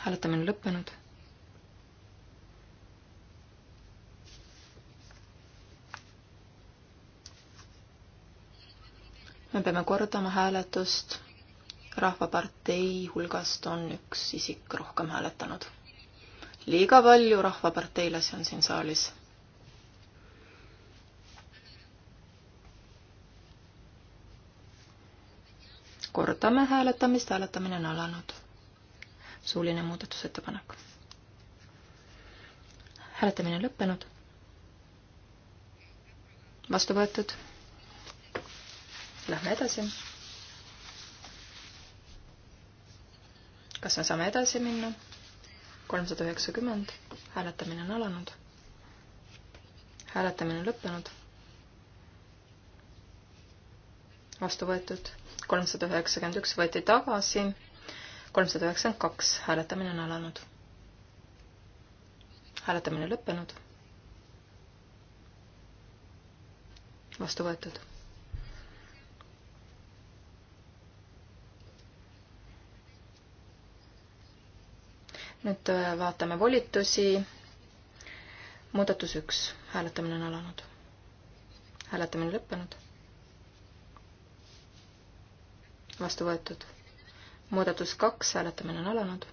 hääletamine on lõppenud me peame kordama hääletust. rahvapartei hulgast on üks isik rohkem hääletanud. liiga palju rahvaparteilasi on siin saalis. kordame hääletamist, hääletamine on alanud. suuline muudatusettepanek. hääletamine on lõppenud. vastu võetud Lähme edasi. kas me saame edasi minna? kolmsada üheksakümmend, hääletamine on alanud. hääletamine lõppenud. vastu võetud kolmsada üheksakümmend üks võeti tagasi, kolmsada üheksakümmend kaks hääletamine on alanud. hääletamine lõppenud. vastu võetud nüüd äh, vaatame volitusi. muudatus üks, hääletamine on alanud. hääletamine lõppenud. vastu võetud. muudatus kaks, hääletamine on alanud.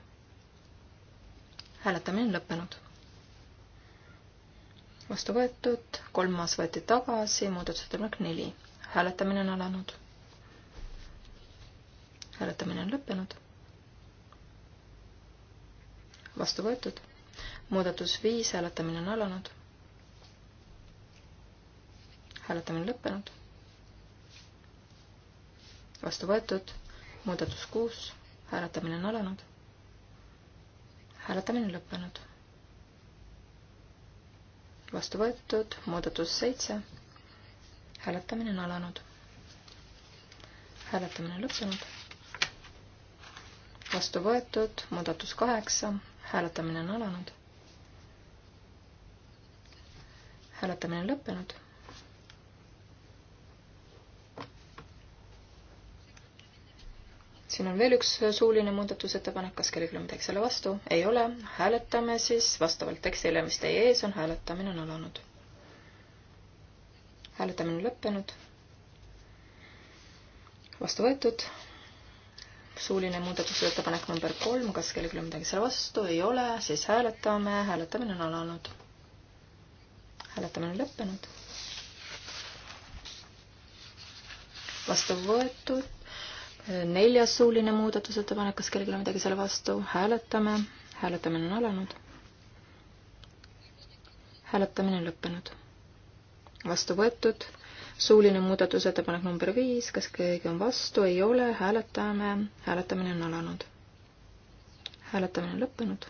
hääletamine on lõppenud. vastu võetud, kolmas võeti tagasi, muudatusettepanek neli, hääletamine on alanud. hääletamine on lõppenud vastu võetud. muudatus viis, hääletamine on alanud. hääletamine lõppenud. vastu võetud. muudatus kuus, hääletamine on alanud. hääletamine lõppenud. vastu võetud. muudatus seitse, hääletamine on alanud. hääletamine lõppenud. vastu võetud. muudatus kaheksa hääletamine on alanud. hääletamine on lõppenud. siin on veel üks suuline muudatusettepanek, kas kellelgi on midagi selle vastu? ei ole, hääletame siis vastavalt tekstile, mis teie ees on, hääletamine on alanud. hääletamine on lõppenud. vastu võetud suuline muudatusettepanek number kolm, kas kellelgi on midagi selle vastu, ei ole, siis hääletame, hääletamine on alanud. hääletamine on lõppenud. vastu võetud. neljas suuline muudatusettepanek, kas kellelgi on midagi selle vastu, hääletame, hääletamine on alanud. hääletamine on lõppenud. vastu võetud suuline muudatusettepanek number viis, kas keegi on vastu, ei ole, hääletame, hääletamine on alanud. hääletamine on lõppenud.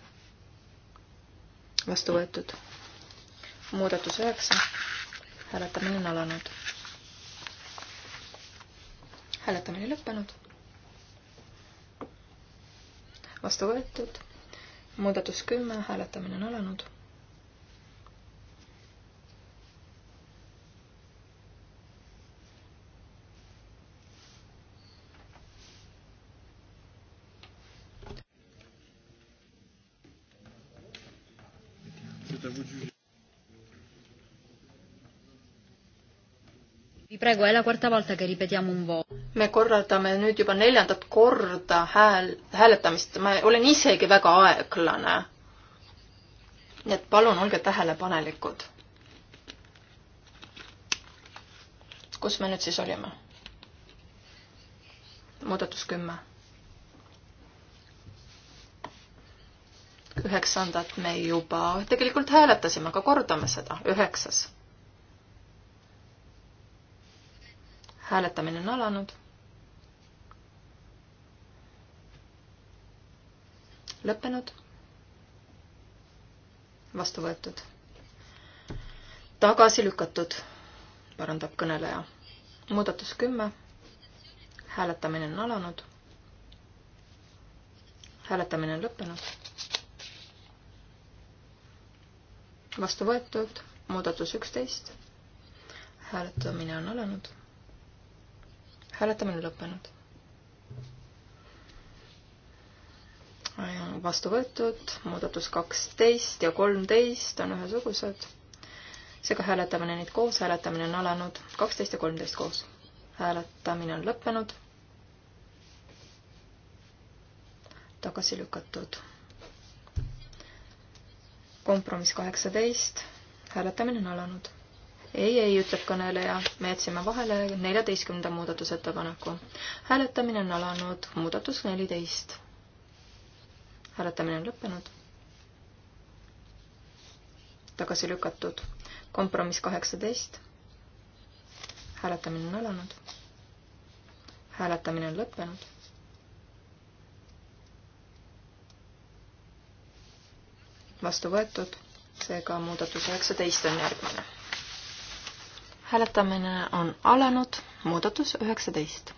vastu võetud. muudatus üheksa, hääletamine on alanud. hääletamine lõppenud. vastu võetud. muudatus kümme, hääletamine on alanud praegu ei ole quarta volta che ripetiamo un vo-. me korraldame nüüd juba neljandat korda hääl, hääletamist, ma olen isegi väga aeglane. nii et palun olge tähelepanelikud. kus me nüüd siis olime? muudatus kümme. üheksandat me juba tegelikult hääletasime, aga kordame seda, üheksas hääletamine on alanud. lõppenud. vastu võetud. tagasi lükatud, parandab kõneleja. muudatus kümme. hääletamine on alanud. hääletamine on lõppenud. vastu võetud, muudatus üksteist. hääletamine on alanud hääletamine on lõppenud. vastu võetud, muudatus kaksteist ja kolmteist on ühesugused. seega hääletamine neid koos, hääletamine on alanud, kaksteist ja kolmteist koos. hääletamine on lõppenud. tagasi lükatud. kompromiss kaheksateist, hääletamine on alanud ei, ei, ütleb kõneleja, me jätsime vahele neljateistkümnenda muudatusettepaneku. hääletamine on alanud, muudatus neliteist. hääletamine on lõppenud. tagasi lükatud, kompromiss kaheksateist. hääletamine on alanud. hääletamine on lõppenud vastu võetud, seega muudatus üheksateist on järgmine hääletamine on alanud, muudatus üheksateist.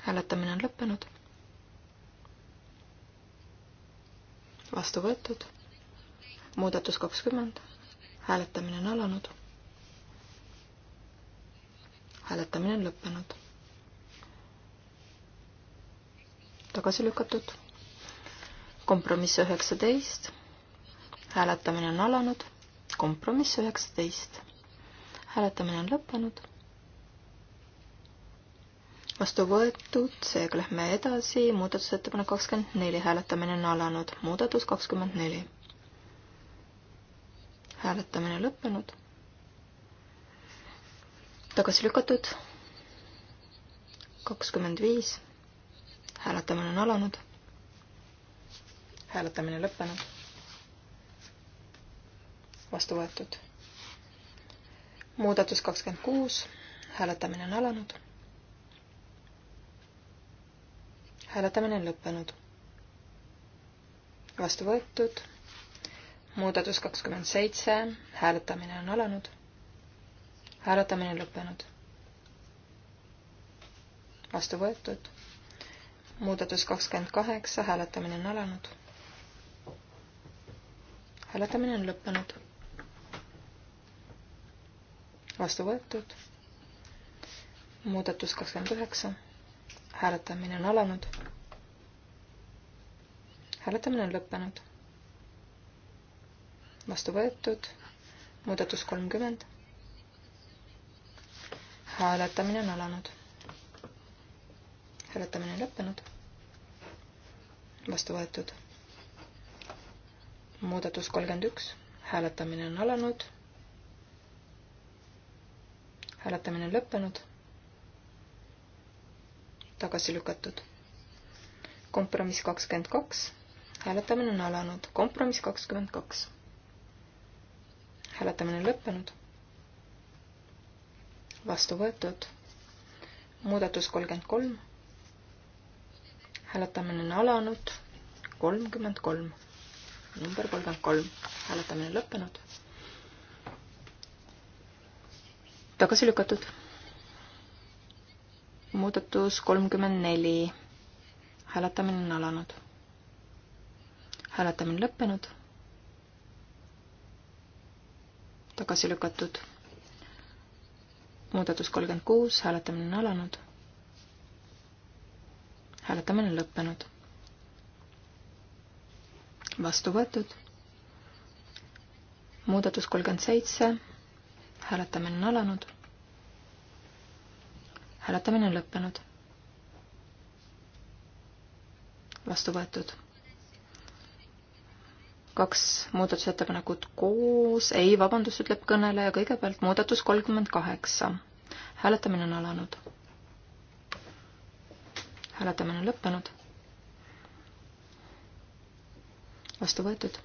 hääletamine on lõppenud. vastu võetud. muudatus kakskümmend. hääletamine on alanud. hääletamine on lõppenud. tagasi lükatud. kompromiss üheksateist. hääletamine on alanud kompromiss üheksateist. hääletamine on lõppenud. vastu võetud, seega lähme edasi, muudatusettepanek kakskümmend neli, hääletamine on alanud, muudatus kakskümmend neli. hääletamine lõppenud. tagasi lükatud. kakskümmend viis. hääletamine on alanud. hääletamine lõppenud vastu võetud. muudatus kakskümmend kuus, hääletamine on alanud. hääletamine on lõppenud. vastu võetud. muudatus kakskümmend seitse, hääletamine on alanud. hääletamine on lõppenud. vastu võetud. muudatus kakskümmend kaheksa, hääletamine on alanud hääletamine on lõppenud vastu võetud. muudatus kakskümmend üheksa, hääletamine on alanud. hääletamine on lõppenud. vastu võetud, muudatus kolmkümmend. hääletamine on alanud. hääletamine on lõppenud. vastu võetud. muudatus kolmkümmend üks, hääletamine on alanud hääletamine on lõppenud. tagasi lükatud. kompromiss kakskümmend kaks, hääletamine on alanud, kompromiss kakskümmend kaks. hääletamine on lõppenud. vastu võetud. muudatus kolmkümmend kolm. hääletamine on alanud, kolmkümmend kolm, number kolmkümmend kolm, hääletamine lõppenud tagasi lükatud. muudatus kolmkümmend neli. hääletamine on alanud. hääletamine lõppenud. tagasi lükatud. muudatus kolmkümmend kuus, hääletamine on alanud. hääletamine on lõppenud vastu võetud. muudatus kolmkümmend seitse, hääletamine on alanud. hääletamine on lõppenud. vastu võetud. kaks muudatusettepanekut koos, ei, vabandust, ütleb kõneleja, kõigepealt muudatus kolmkümmend kaheksa. hääletamine on alanud. hääletamine on lõppenud. vastu võetud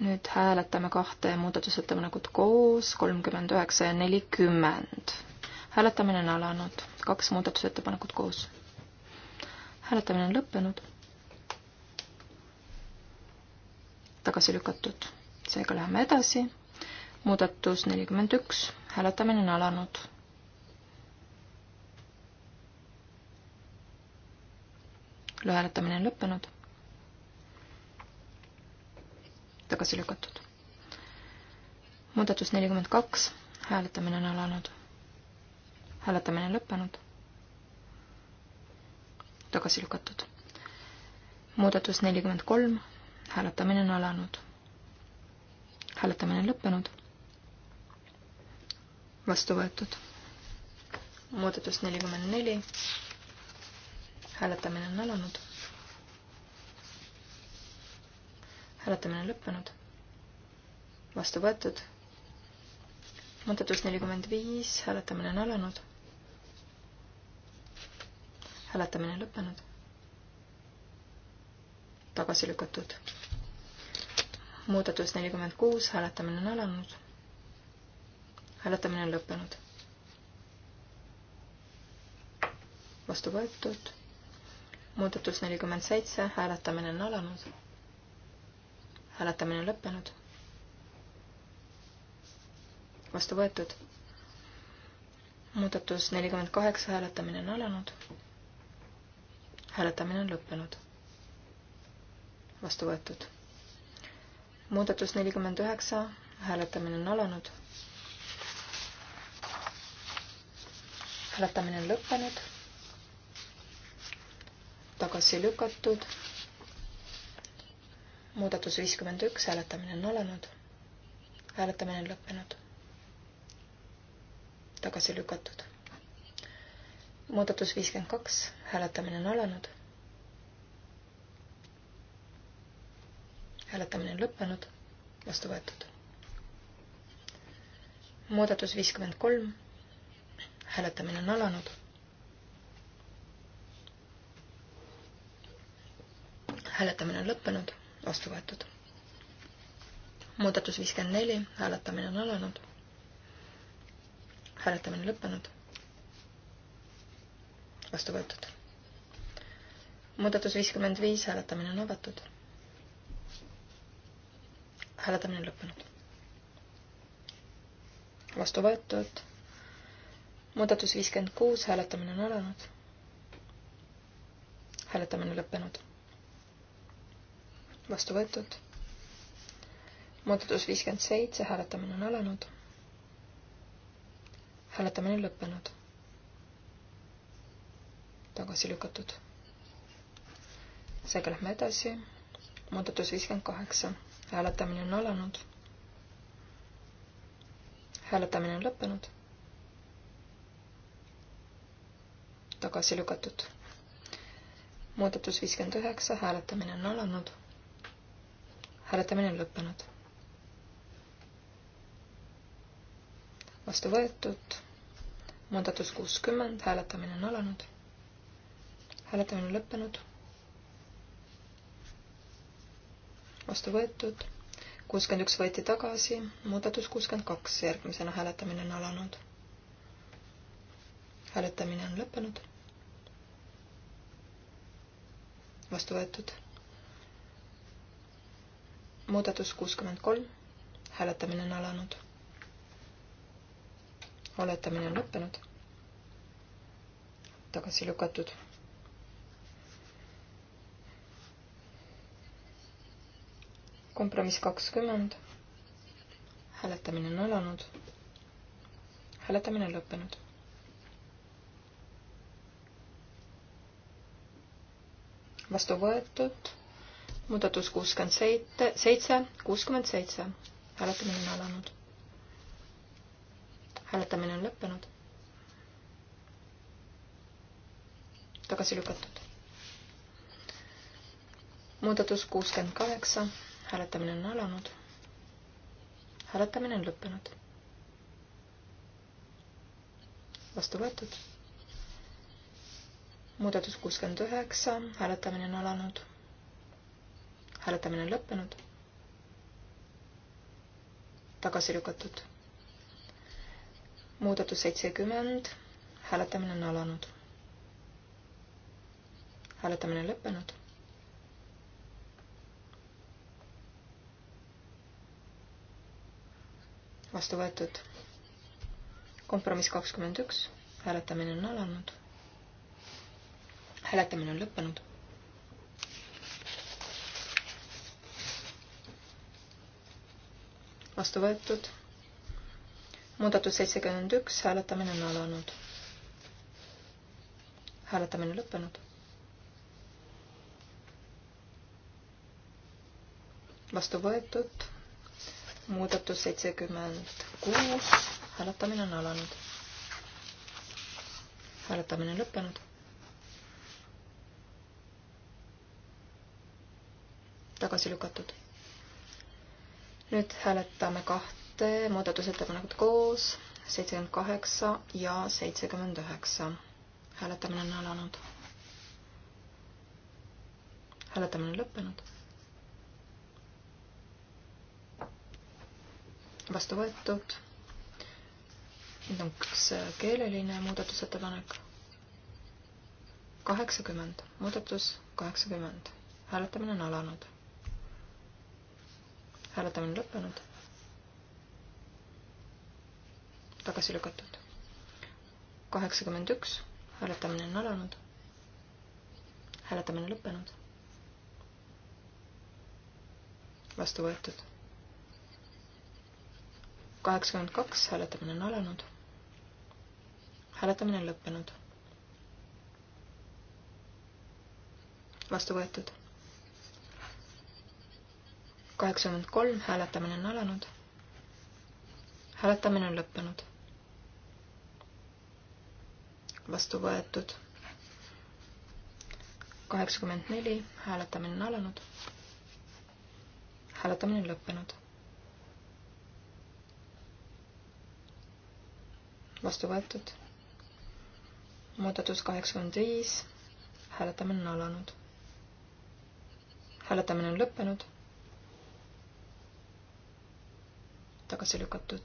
nüüd hääletame kahte muudatusettepanekut koos, kolmkümmend üheksa ja nelikümmend. hääletamine on alanud, kaks muudatusettepanekut koos. hääletamine on lõppenud. tagasi lükatud, seega läheme edasi. muudatus nelikümmend üks, hääletamine on alanud hääletamine on lõppenud. tagasi lükatud. muudatus nelikümmend kaks, hääletamine on alanud. hääletamine on lõppenud. tagasi lükatud. muudatus nelikümmend kolm, hääletamine on alanud. hääletamine on lõppenud. vastu võetud. muudatus nelikümmend neli, hääletamine on alanud hääletamine on lõppenud. vastu võetud. muudatus nelikümmend viis, hääletamine on alanud. hääletamine on lõppenud. tagasi lükatud. muudatus nelikümmend kuus, hääletamine on alanud. hääletamine on lõppenud. vastu võetud. muudatus nelikümmend seitse, hääletamine on alanud hääletamine on lõppenud. vastu võetud. muudatus nelikümmend kaheksa, hääletamine on alanud. hääletamine on lõppenud. vastu võetud. muudatus nelikümmend üheksa, hääletamine on alanud. hääletamine on lõppenud. tagasi lükatud muudatus viiskümmend üks, hääletamine on alanud. hääletamine on lõppenud. tagasi lükatud. muudatus viiskümmend kaks, hääletamine on alanud. hääletamine on lõppenud, vastu võetud. muudatus viiskümmend kolm, hääletamine on alanud. hääletamine on lõppenud vastu võetud. muudatus viiskümmend neli, hääletamine on alanud. hääletamine lõppenud. vastu võetud. muudatus viiskümmend viis, hääletamine on avatud. hääletamine on lõppenud. vastu võetud. muudatus viiskümmend kuus, hääletamine on alanud. hääletamine lõppenud vastu võetud. muudatus viiskümmend seitse, hääletamine on alanud. hääletamine on lõppenud. tagasi lükatud. seega lähme edasi. muudatus viiskümmend kaheksa, hääletamine on alanud. hääletamine on lõppenud. tagasi lükatud muudatus viiskümmend üheksa, hääletamine on alanud hääletamine on lõppenud. vastu võetud. muudatus kuuskümmend, hääletamine on alanud. hääletamine on lõppenud. vastu võetud. kuuskümmend üks võeti tagasi, muudatus kuuskümmend kaks, järgmisena hääletamine on alanud. hääletamine on lõppenud. vastu võetud muudatus kuuskümmend kolm, hääletamine on alanud. hääletamine on lõppenud. tagasi lükatud. kompromiss kakskümmend. hääletamine on alanud. hääletamine on lõppenud. vastu võetud muudatus kuuskümmend seitse, seitse, kuuskümmend seitse. hääletamine on alanud. hääletamine on lõppenud. tagasi lükatud. muudatus kuuskümmend kaheksa, hääletamine on alanud. hääletamine on lõppenud. vastu võetud. muudatus kuuskümmend üheksa, hääletamine on alanud hääletamine on lõppenud. tagasi lükatud. muudatus seitsekümmend, hääletamine on alanud. hääletamine on lõppenud. vastu võetud. kompromiss kakskümmend üks, hääletamine on alanud. hääletamine on lõppenud vastu võetud. muudatus seitsekümmend üks, hääletamine on alanud. hääletamine lõppenud. vastu võetud. muudatus seitsekümmend kuus, hääletamine on alanud. hääletamine lõppenud. tagasi lükatud nüüd hääletame kahte muudatusettepanekut koos, seitsekümmend kaheksa ja seitsekümmend üheksa. hääletamine on alanud. hääletamine on lõppenud. vastu võetud. nüüd on üks keeleline muudatusettepanek. kaheksakümmend, muudatus kaheksakümmend, hääletamine on alanud hääletamine on lõppenud. tagasi lükatud. kaheksakümmend üks, hääletamine on alanud. hääletamine lõppenud. vastu võetud. kaheksakümmend kaks, hääletamine on alanud. hääletamine on lõppenud. vastu võetud kaheksakümmend kolm, hääletamine on alanud. hääletamine on lõppenud. vastu võetud. kaheksakümmend neli, hääletamine on alanud. hääletamine on lõppenud. vastu võetud. muudatus kaheksakümmend viis, hääletamine on alanud. hääletamine on lõppenud tagasi lükatud.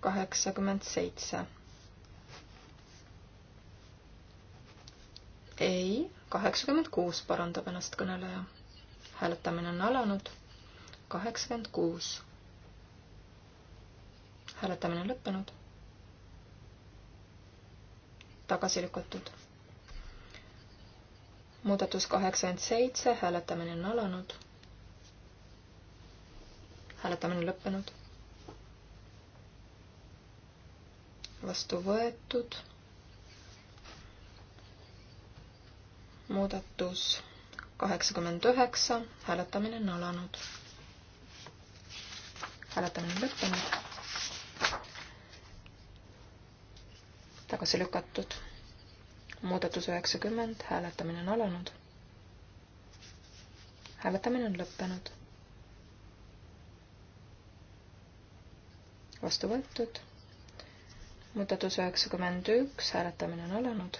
kaheksakümmend seitse. ei, kaheksakümmend kuus parandab ennast kõneleja. hääletamine on alanud. kaheksakümmend kuus. hääletamine on lõppenud. tagasi lükatud. muudatus kaheksakümmend seitse, hääletamine on alanud hääletamine on lõppenud. vastu võetud. muudatus kaheksakümmend üheksa, hääletamine on alanud. hääletamine on lõppenud. tagasi lükatud. muudatus üheksakümmend, hääletamine on alanud. hääletamine on lõppenud vastu võetud. muudatus üheksakümmend üks, hääletamine on alanud.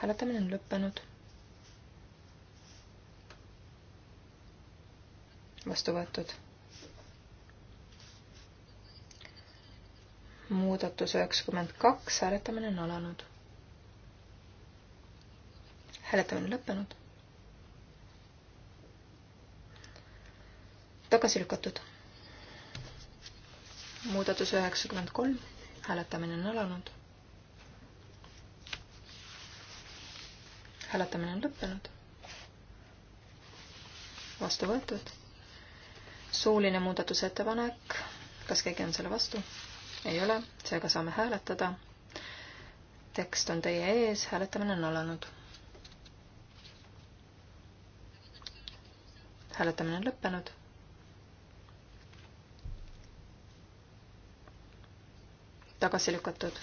hääletamine on lõppenud. vastu võetud. muudatus üheksakümmend kaks, hääletamine on alanud. hääletamine on lõppenud. tagasi lükatud muudatus üheksakümmend kolm, hääletamine on alanud. hääletamine on lõppenud. vastu võetud. suuline muudatusettepanek, kas keegi on selle vastu? ei ole, seega saame hääletada. tekst on teie ees, hääletamine on alanud. hääletamine on lõppenud tagasi lükatud.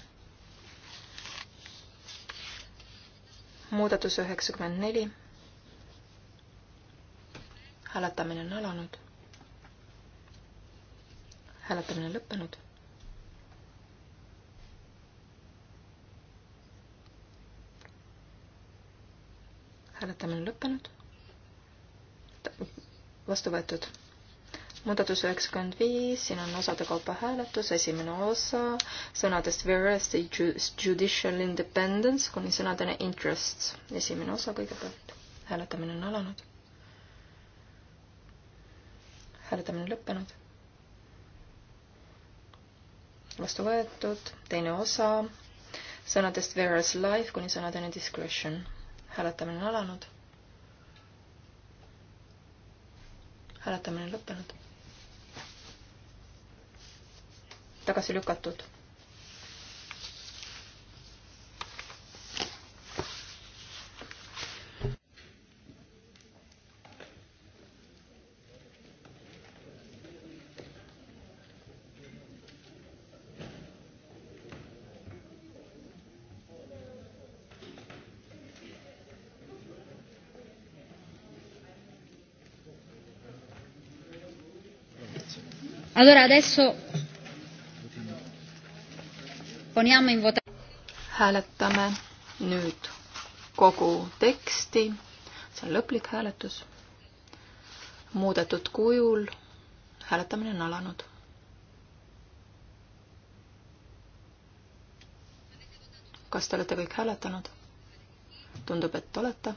muudatus üheksakümmend neli. hääletamine on alanud. hääletamine lõppenud. hääletamine lõppenud. vastu võetud muudatus üheksakümmend viis, siin on osade kaupa hääletus, esimene osa sõnadest various judicial independence kuni sõnadeni interests. esimene osa kõigepealt. hääletamine on alanud. hääletamine lõppenud. vastu võetud, teine osa sõnadest various life kuni sõnadeni discretion. hääletamine on alanud. hääletamine on lõppenud tagasi lükatud. Allora adesso hääletame nüüd kogu teksti, see on lõplik hääletus, muudetud kujul, hääletamine on alanud. kas te olete kõik hääletanud? tundub, et olete.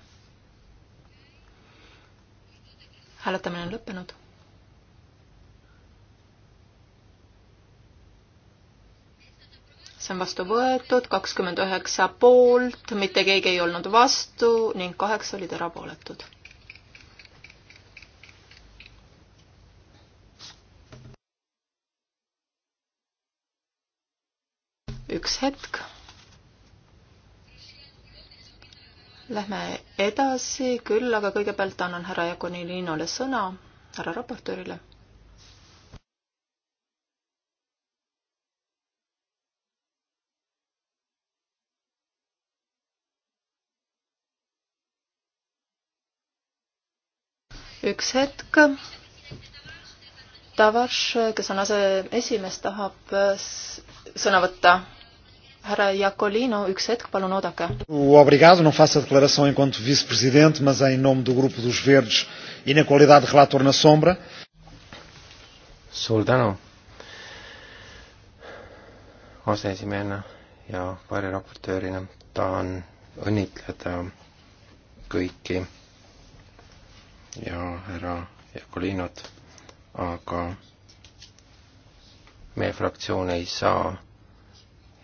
hääletamine on lõppenud see on vastu võetud, kakskümmend üheksa poolt, mitte keegi ei olnud vastu ning kaheksa olid erapooletud. üks hetk. Lähme edasi, küll aga kõigepealt annan härra Jakoninole sõna, härra raportöörile üks hetk. Tavaš, kes on aseesimees, tahab äh, sõna võtta. härra Jakolino, üks hetk, palun oodake. Obrigado, não faço a declaração enquanto vice-presidente, mas em nome do grupo dos verdes e na qualidade de relator na sombra. suur tänu aseesimehena ja variraportöörina tahan õnnitleda kõiki ja härra Jakolinot, aga meie fraktsioon ei saa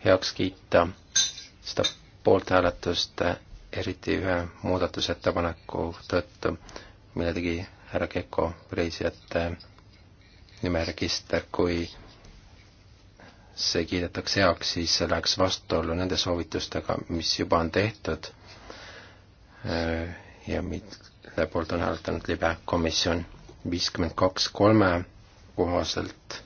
heaks kiita seda poolthääletust eriti ühe muudatusettepaneku tõttu, mille tegi härra Keko reisijate nimeregister, kui see kiidetakse heaks, siis see läheks vastuollu nende soovitustega, mis juba on tehtud ja mid-, selle poolt on hääletanud libe komisjon viiskümmend kaks kolme kohaselt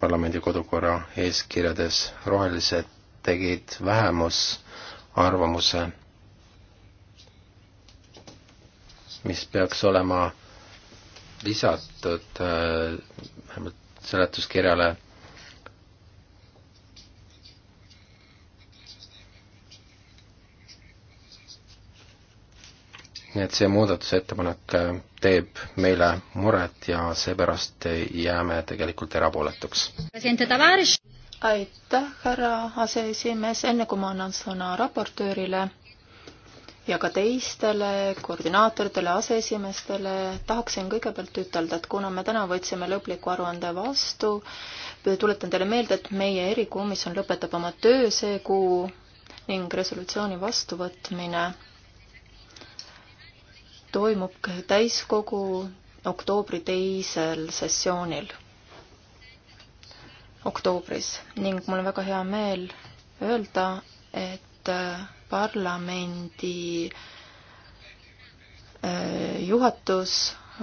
parlamendi kodukorra eeskirjades rohelised tegid vähemusarvamuse, mis peaks olema lisatud äh, vähemalt seletuskirjale nii et see muudatusettepanek äh, teeb meile muret ja seepärast jääme tegelikult erapooletuks. aitäh, härra aseesimees, enne kui ma annan sõna raportöörile ja ka teistele koordinaatoritele, aseesimeestele tahaksin kõigepealt ütelda, et kuna me täna võtsime lõpliku aruande vastu, tuletan teile meelde, et meie erikomisjon lõpetab oma töö see kuu ning resolutsiooni vastuvõtmine toimub täiskogu oktoobri teisel sessioonil oktoobris ning mul on väga hea meel öelda, et äh, parlamendi äh, juhatus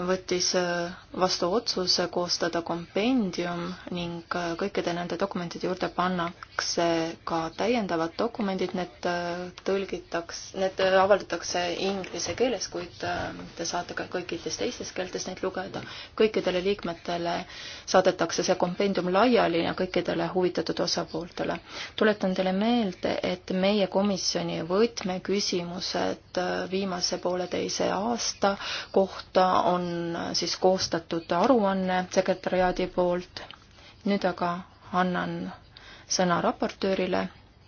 võttis äh, vastu otsuse koostada kompendium ning äh, kõikide nende dokumentide juurde pannakse ka täiendavad dokumendid, need äh, tõlgitakse, need avaldatakse inglise keeles, kuid te saate ka kõikides teistes keeltes neid lugeda. kõikidele liikmetele saadetakse see kompendium laiali ja kõikidele huvitatud osapooltele. tuletan teile meelde, et meie komisjoni võtmeküsimused viimase pooleteise aasta kohta on on äh, siis koostatud aruanne sekretäriaadi poolt. nüüd aga annan sõna raportöörile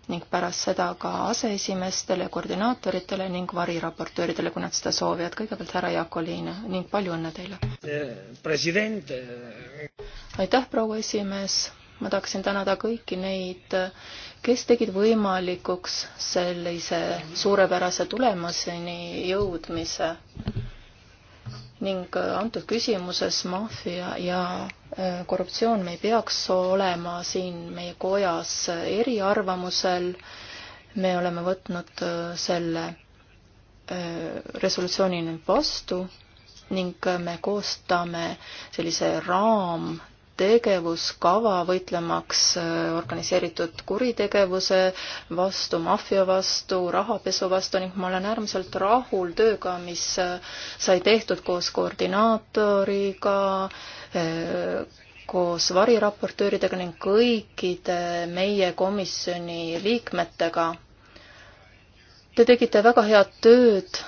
ning pärast seda ka aseesimeestele, koordinaatoritele ning variraportööridele, kui nad seda soovivad. kõigepealt härra Jakolin ning palju õnne teile! president! aitäh, proua esimees! ma tahaksin tänada kõiki neid, kes tegid võimalikuks sellise suurepärase tulemuseni jõudmise ning äh, antud küsimuses maffia ja äh, korruptsioon, me ei peaks olema siin meie kojas eriarvamusel, me oleme võtnud äh, selle resolutsiooni nüüd vastu ning me koostame sellise raam tegevuskava võitlemaks äh, organiseeritud kuritegevuse vastu, maffia vastu, rahapesu vastu ning ma olen äärmiselt rahul tööga, mis äh, sai tehtud koos koordinaatoriga, äh, koos variraportööridega ning kõikide meie komisjoni liikmetega. Te tegite väga head tööd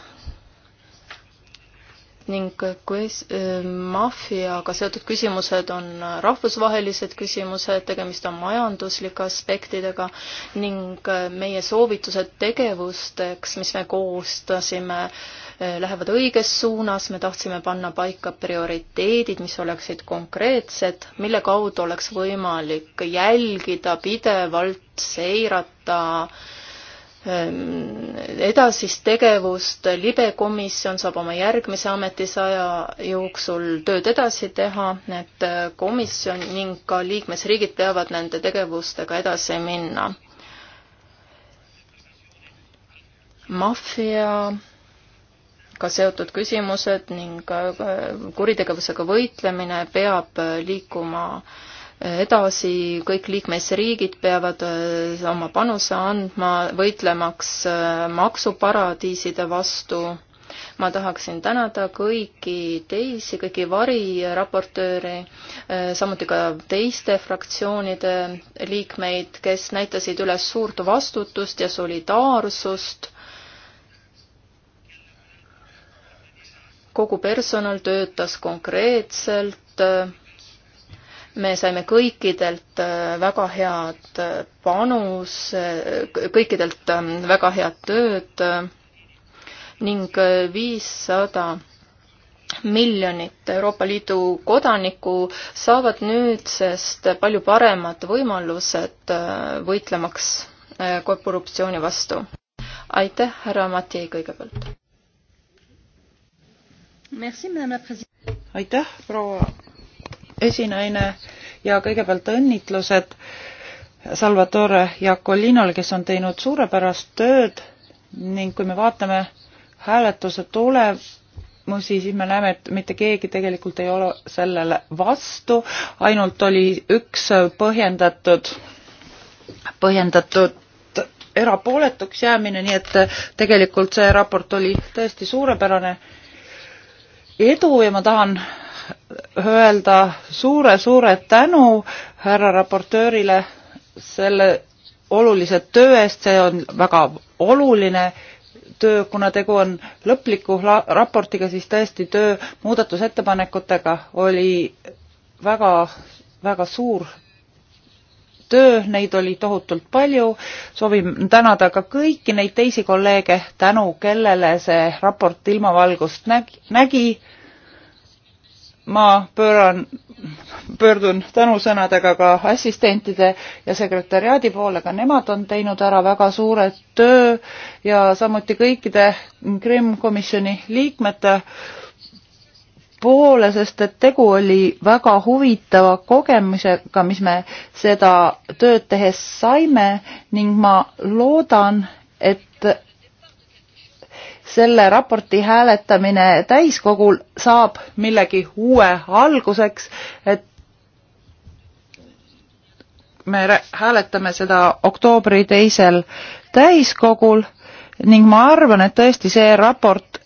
ning kui äh, maffiaga seotud küsimused on rahvusvahelised küsimused, tegemist on majanduslike aspektidega ning äh, meie soovitused tegevusteks, mis me koostasime, äh, lähevad õiges suunas, me tahtsime panna paika prioriteedid, mis oleksid konkreetsed, mille kaudu oleks võimalik jälgida pidevalt, seirata äh, Ähm, edasist tegevust, libekomisjon saab oma järgmise ametisaja jooksul tööd edasi teha, et äh, komisjon ning ka liikmesriigid peavad nende tegevustega edasi minna. maffiaga seotud küsimused ning äh, äh, kuritegevusega võitlemine peab liikuma äh, edasi, kõik liikmesriigid peavad äh, oma panuse andma, võitlemaks äh, maksuparadiiside vastu. ma tahaksin tänada kõiki teisi, kõiki variraportööre, äh, samuti ka teiste fraktsioonide liikmeid, kes näitasid üles suurt vastutust ja solidaarsust kogu personal töötas konkreetselt me saime kõikidelt äh, väga head äh, panus, äh, kõikidelt ähm, väga head tööd ning viissada miljonit Euroopa Liidu kodanikku saavad nüüdsest palju paremad võimalused võitlemaks korruptsiooni vastu. aitäh, härra Mati kõigepealt. aitäh, proua esinaine ja kõigepealt õnnitlused Salvatore Jacolinole, kes on teinud suurepärast tööd ning kui me vaatame hääletuse tulemusi, siis me näeme, et mitte keegi tegelikult ei ole sellele vastu, ainult oli üks põhjendatud, põhjendatud erapooletuks jäämine, nii et tegelikult see raport oli tõesti suurepärane edu ja ma tahan öelda suure-suure tänu härra raportöörile selle olulise töö eest, see on väga oluline töö, kuna tegu on lõpliku raportiga, siis tõesti töö muudatusettepanekutega oli väga, väga suur töö, neid oli tohutult palju. soovin tänada ka kõiki neid teisi kolleege, tänu kellele see raport ilmavalgust nägi, nägi ma pööran, pöördun tänusõnadega ka assistentide ja sekretäriaadi poole, ka nemad on teinud ära väga suure töö ja samuti kõikide Krimm komisjoni liikmete poole, sest et tegu oli väga huvitava kogemusega, mis me seda tööd tehes saime ning ma loodan, et selle raporti hääletamine täiskogul saab millegi uue alguseks, et me hääletame seda oktoobri teisel täiskogul ning ma arvan, et tõesti see raport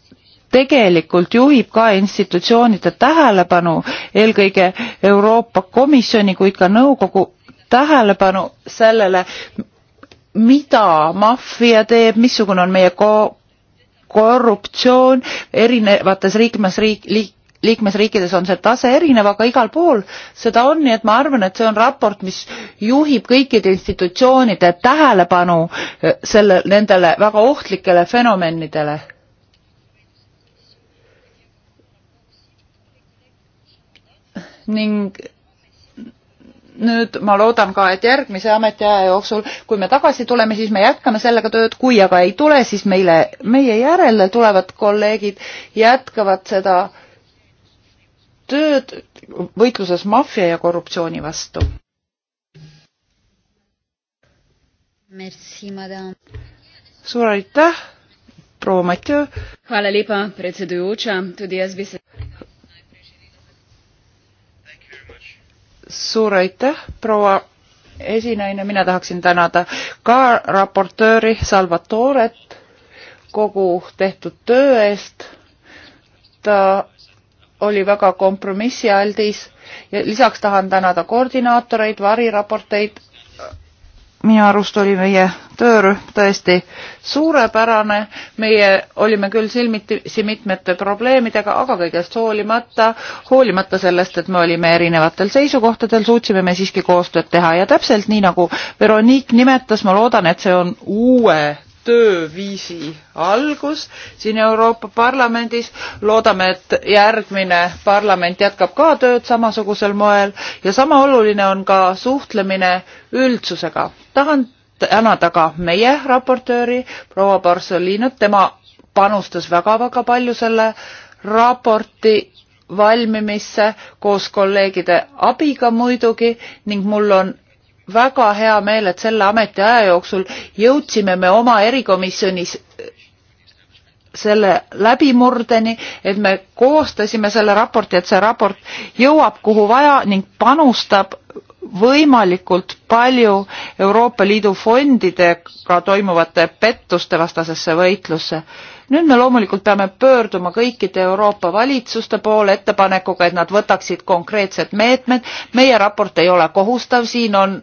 tegelikult juhib ka institutsioonide tähelepanu, eelkõige Euroopa Komisjoni, kuid ka nõukogu tähelepanu sellele, mida maffia teeb, missugune on meie ko-, korruptsioon erinevates liikmesriik, liik, liikmesriikides on see tase erinev, aga igal pool seda on, nii et ma arvan, et see on raport, mis juhib kõikide institutsioonide tähelepanu eh, selle, nendele väga ohtlikele fenomenidele. ning nüüd ma loodan ka, et järgmise ametiaja jooksul, kui me tagasi tuleme, siis me jätkame sellega tööd, kui aga ei tule, siis meile, meie järele tulevad kolleegid jätkavad seda tööd võitluses maffia ja korruptsiooni vastu. suur aitäh, proua Matjõe. suur aitäh, proua esinaine, mina tahaksin tänada ka raportööri Salvatoret kogu tehtud töö eest. ta oli väga kompromissialdis ja lisaks tahan tänada koordinaatoreid, variraporteid minu arust oli meie töörühm tõesti suurepärane, meie olime küll silmitsi mitmete probleemidega, aga kõigest hoolimata, hoolimata sellest, et me olime erinevatel seisukohtadel, suutsime me siiski koostööd teha ja täpselt nii, nagu Veronique nimetas, ma loodan, et see on uue tööviisi algus siin Euroopa Parlamendis. loodame, et järgmine parlament jätkab ka tööd samasugusel moel ja sama oluline on ka suhtlemine üldsusega. tahan tänada ka meie raportööri proua Barcelinot, tema panustas väga-väga palju selle raporti valmimisse koos kolleegide abiga muidugi ning mul on väga hea meel, et selle ametiaja jooksul jõudsime me oma erikomisjonis äh, selle läbimurdeni, et me koostasime selle raporti, et see raport jõuab kuhu vaja ning panustab võimalikult palju Euroopa Liidu fondidega toimuvate pettuste vastasesse võitlusse nüüd me loomulikult peame pöörduma kõikide Euroopa valitsuste poole ettepanekuga, et nad võtaksid konkreetsed meetmed. meie raport ei ole kohustav, siin on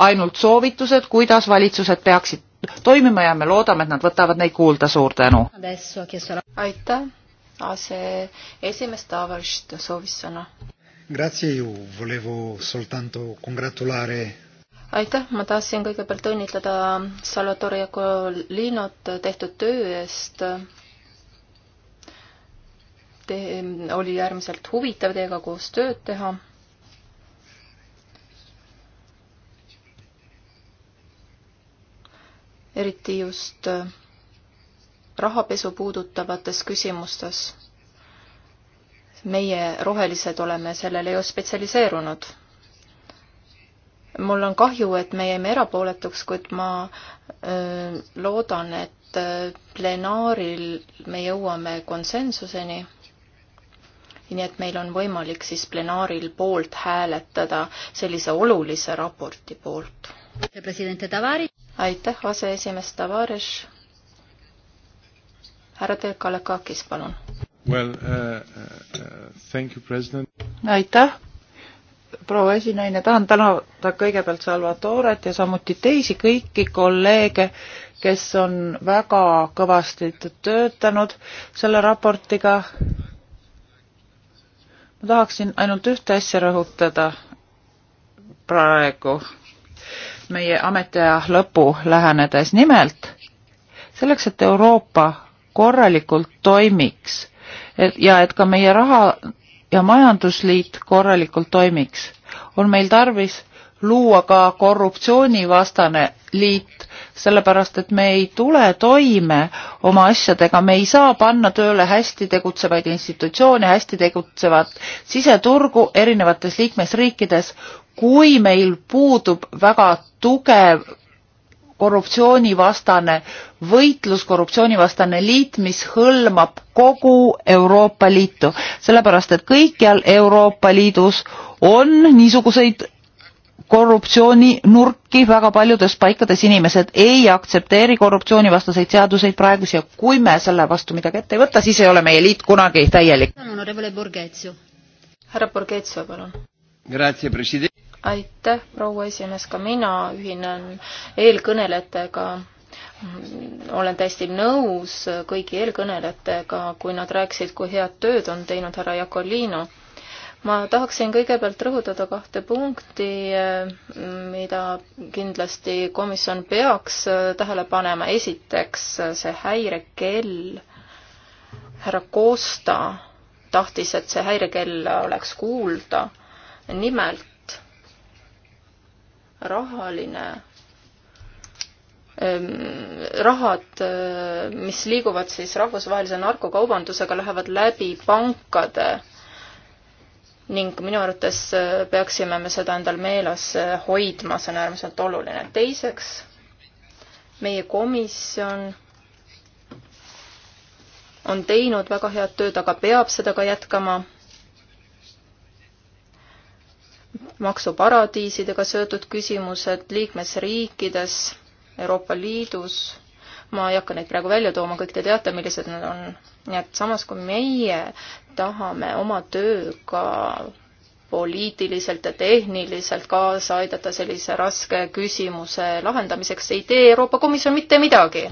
ainult soovitused, kuidas valitsused peaksid toimima ja me loodame, et nad võtavad neid kuulda, suur tänu. aitäh, aseesimees Tavalist soovis sõna. aitäh, ma tahtsin kõigepealt õnnitleda Salvatore Jakolinot tehtud töö eest te, oli äärmiselt huvitav teiega koos tööd teha. eriti just äh, rahapesu puudutavates küsimustes. meie, rohelised, oleme sellele ju spetsialiseerunud. mul on kahju, et me jäime erapooletuks, kuid ma öö, äh, loodan, et äh, plenaaril me jõuame konsensuseni nii et meil on võimalik siis plenaaril poolt hääletada sellise olulise raporti poolt aitäh, aseesimees Tavares. härra Telkalekakis, palun. Well, uh, uh, thank you, president. aitäh, proua esinaine, tahan tänada kõigepealt Salvatoret ja samuti teisi kõiki kolleege, kes on väga kõvasti töötanud selle raportiga. ma tahaksin ainult ühte asja rõhutada praegu just meie ametiaja lõpu lähenedes. nimelt selleks, et Euroopa korralikult toimiks et, ja et ka meie raha ja majandusliit korralikult toimiks, on meil tarvis luua ka korruptsioonivastane liit, sellepärast et me ei tule toime oma asjadega, me ei saa panna tööle hästi tegutsevaid institutsioone, hästi tegutsevat siseturgu erinevates liikmesriikides, kui meil puudub väga tugev korruptsioonivastane võitlus, korruptsioonivastane liit, mis hõlmab kogu Euroopa Liitu, sellepärast et kõikjal Euroopa Liidus on niisuguseid korruptsiooninurki väga paljudes paikades inimesed ei aktsepteeri korruptsioonivastaseid seaduseid praegusi ja kui me selle vastu midagi ette ei võta, siis ei ole meie liit kunagi täielik. härra Borghezio, palun aitäh, proua esimees, ka mina ühinen eelkõnelejatega. olen täiesti nõus kõigi eelkõnelejatega, kui nad rääkisid, kui head tööd on teinud härra Jakolino ma tahaksin kõigepealt rõhutada kahte punkti, mida kindlasti komisjon peaks tähele panema. esiteks see häirekell. härra Koosta tahtis, et see häirekell oleks kuulda nimelt rahaline ähm, rahad, äh, mis liiguvad siis rahvusvahelise narkokaubandusega, lähevad läbi pankade ning minu arvates äh, peaksime me seda endal meeles äh, hoidma, see on äärmiselt oluline. teiseks, meie komisjon on teinud väga head tööd, aga peab seda ka jätkama maksuparadiisidega seotud küsimused liikmesriikides, Euroopa Liidus, ma ei hakka neid praegu välja tooma, kõik te teate, millised nad on. nii et samas, kui meie tahame oma tööga poliitiliselt ja tehniliselt kaasa aidata sellise raske küsimuse lahendamiseks, ei tee Euroopa Komisjon mitte midagi.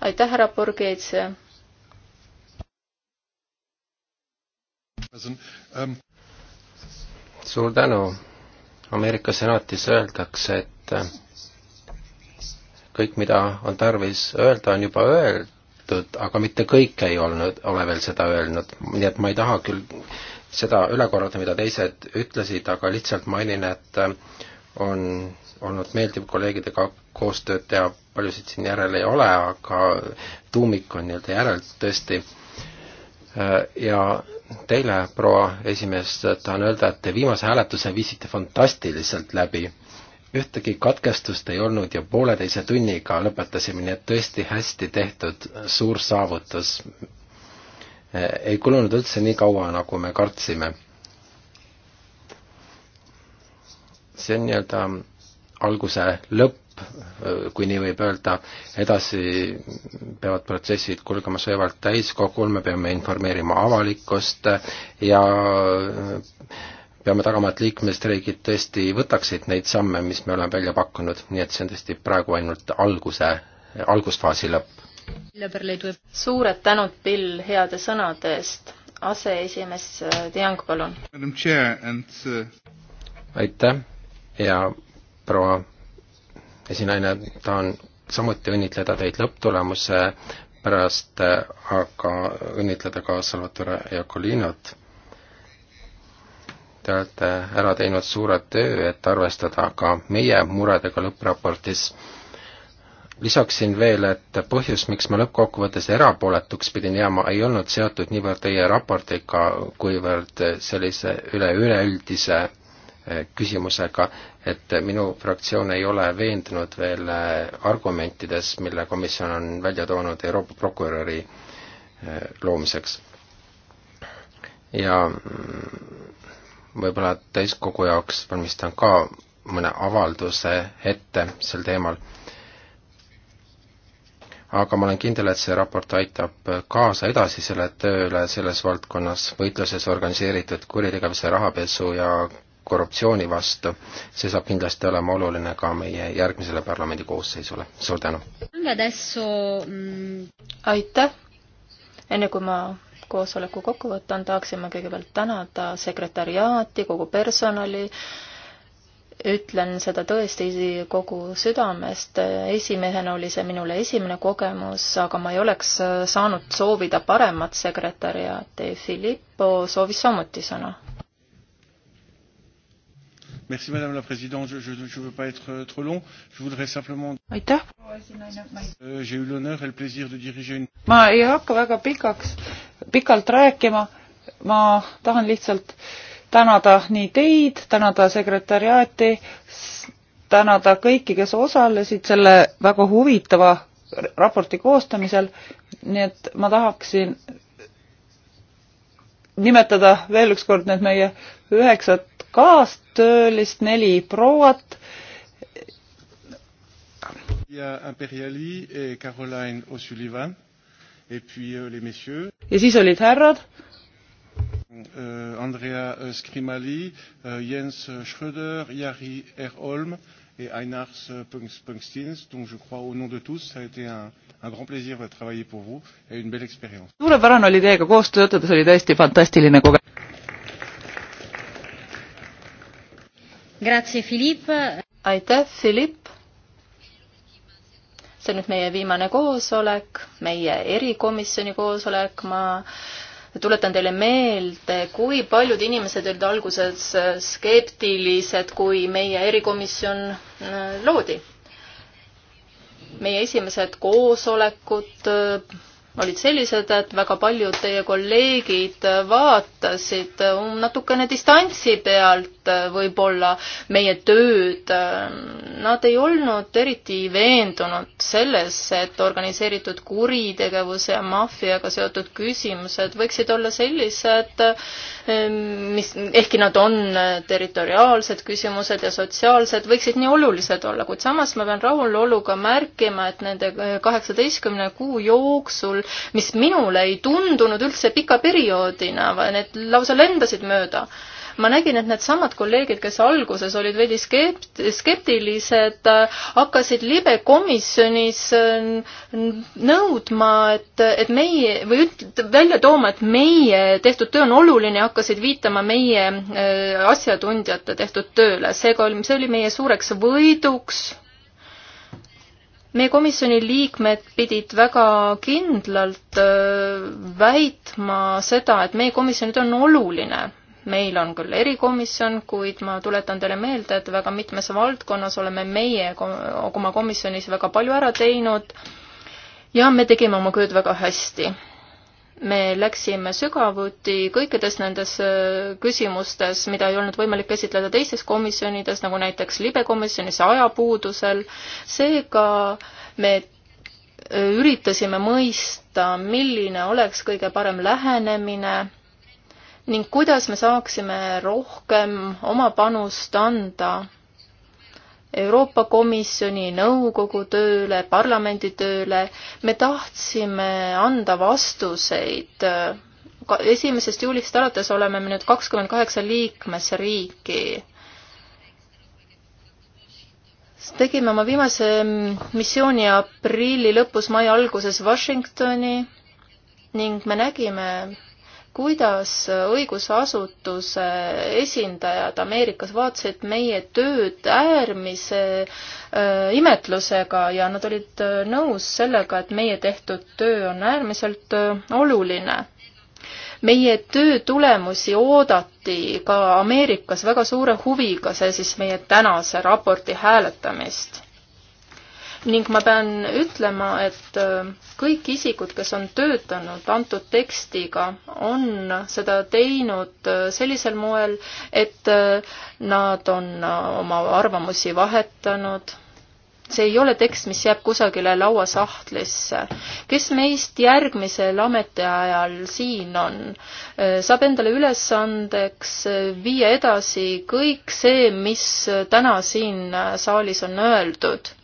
aitäh, härra Borges. suur tänu Ameerika senatis öeldakse, et kõik, mida on tarvis öelda, on juba öeldud, aga mitte kõik ei olnud, ole veel seda öelnud, nii et ma ei taha küll seda üle korrata, mida teised ütlesid, aga lihtsalt mainin, et äh, on olnud meeldiv kolleegidega koostööd teha, paljusid siin järel ei ole, aga tuumik on nii-öelda järel tõesti. Äh, ja teile, proua esimees, tahan öelda, et te viimase hääletuse viisite fantastiliselt läbi. ühtegi katkestust ei olnud ja pooleteise tunniga lõpetasime, nii et tõesti hästi tehtud, suur saavutus. E, ei kulunud üldse nii kaua, nagu me kartsime. see on nii-öelda alguse lõpp kui nii võib öelda, edasi peavad protsessid kulgema sõjavalt täiskogul, me peame informeerima avalikkust ja peame tagama, et liikmesriigid tõesti võtaksid neid samme, mis me oleme välja pakkunud, nii et see on tõesti praegu ainult alguse, algusfaasi lõpp. suured tänud, Bill, heade sõnade eest. aseesimees äh, Tiang, palun. Uh, aitäh ja proua esinaine, tahan samuti õnnitleda teid lõpptulemuse pärast, aga õnnitleda ka Salvatore Jakolinot. Te olete ära teinud suure töö, et arvestada ka meie muredega lõppraportis. lisaksin veel, et põhjus, miks ma lõppkokkuvõttes erapooletuks pidin jääma, ei olnud seotud niivõrd teie raportiga, kuivõrd sellise üle, üleüldise Eh, küsimusega, et minu fraktsioon ei ole veendunud veel eh, argumentides, mille komisjon on välja toonud Euroopa prokuröri eh, loomiseks. ja mm, võib-olla täiskogu jaoks valmistan ka mõne avalduse ette sel teemal. aga ma olen kindel, et see raport aitab kaasa edasisele tööle selles valdkonnas, võitluses organiseeritud kuritegevuse, rahapesu ja korruptsiooni vastu, see saab kindlasti olema oluline ka meie järgmisele parlamendi koosseisule, suur tänu! Mm, aitäh! enne kui ma koosoleku kokku võtan, tahaksin ma kõigepealt tänada sekretäriaati, kogu personali, ütlen seda tõesti kogu südamest. esimehena oli see minule esimene kogemus, aga ma ei oleks saanud soovida paremat sekretäriaati. Filippo soovis samuti sõna Merci, madame la présidente. Je, je, je ne veux pas être euh, trop long. Je voudrais simplement. aitäh. Euh, j'ai eu l'honneur et le plaisir de diriger une. ma ei hakka väga pikaks, pikalt rääkima. ma tahan lihtsalt tänada nii teid, tänada sekretäriaati, tänada kõiki, kes osalesid selle väga huvitava raporti koostamisel. nii et ma tahaksin nimetada veel ükskord need meie üheksat kaastöölist, neli prouat. Euh, ja siis olid härrad. Euh, Andrea euh, Skrimali, Jens Schröder, Jari Erholm et Einars Pungstins. Donc je crois au nom de tous, ça a été un, un grand plaisir de travailler pour vous et une belle expérience. suurepärane oli teiega koos töötada, see oli tõesti fantastiline kogemus. aitäh, Philipp! see on nüüd meie viimane koosolek, meie erikomisjoni koosolek, ma tuletan teile meelde, kui paljud inimesed olid alguses skeptilised, kui meie erikomisjon äh, loodi. meie esimesed koosolekud äh, olid sellised, et väga paljud teie kolleegid vaatasid um, natukene distantsi pealt äh, võib-olla meie tööd. Nad ei olnud eriti veendunud selles, et organiseeritud kuritegevuse ja maffiaga seotud küsimused võiksid olla sellised, Ehm, mis, ehkki nad on äh, territoriaalsed küsimused ja sotsiaalsed, võiksid nii olulised olla, kuid samas ma pean rahuloluga märkima, et nende äh, kaheksateistkümne kuu jooksul, mis minule ei tundunud üldse pika perioodina, need lausa lendasid mööda ma nägin, et needsamad kolleegid, kes alguses olid veidi skept-, skeptilised, hakkasid libe komisjonis äh, nõudma, et, et meie või üt-, välja tooma, et meie tehtud töö on oluline ja hakkasid viitama meie äh, asjatundjate tehtud tööle. seega oli, see oli meie suureks võiduks meie komisjoni liikmed pidid väga kindlalt äh, väitma seda, et meie komisjonid on oluline meil on küll erikomisjon, kuid ma tuletan teile meelde, et väga mitmes valdkonnas oleme meie oma komisjonis väga palju ära teinud ja me tegime oma tööd väga hästi. me läksime sügavuti kõikides nendes äh, küsimustes, mida ei olnud võimalik käsitleda teistes komisjonides, nagu näiteks libekomisjonis ajapuudusel, seega me äh, üritasime mõista, milline oleks kõige parem lähenemine ning kuidas me saaksime rohkem oma panust anda Euroopa Komisjoni nõukogu tööle, parlamendi tööle, me tahtsime anda vastuseid. esimesest juulist alates oleme me nüüd kakskümmend kaheksa liikmesriiki tegime oma viimase missiooni aprilli lõpus, mai alguses Washingtoni ning me nägime kuidas õigusasutuse esindajad Ameerikas vaatasid meie tööd äärmise äh, imetlusega ja nad olid äh, nõus sellega, et meie tehtud töö on äärmiselt äh, oluline. meie töö tulemusi oodati ka Ameerikas väga suure huviga, see siis meie tänase raporti hääletamist ning ma pean ütlema, et äh, kõik isikud, kes on töötanud antud tekstiga, on seda teinud äh, sellisel moel, et äh, nad on oma arvamusi vahetanud see ei ole tekst, mis jääb kusagile lauasahtlisse. kes meist järgmisel ametiajal siin on, saab endale ülesandeks viia edasi kõik see, mis täna siin saalis on öeldud.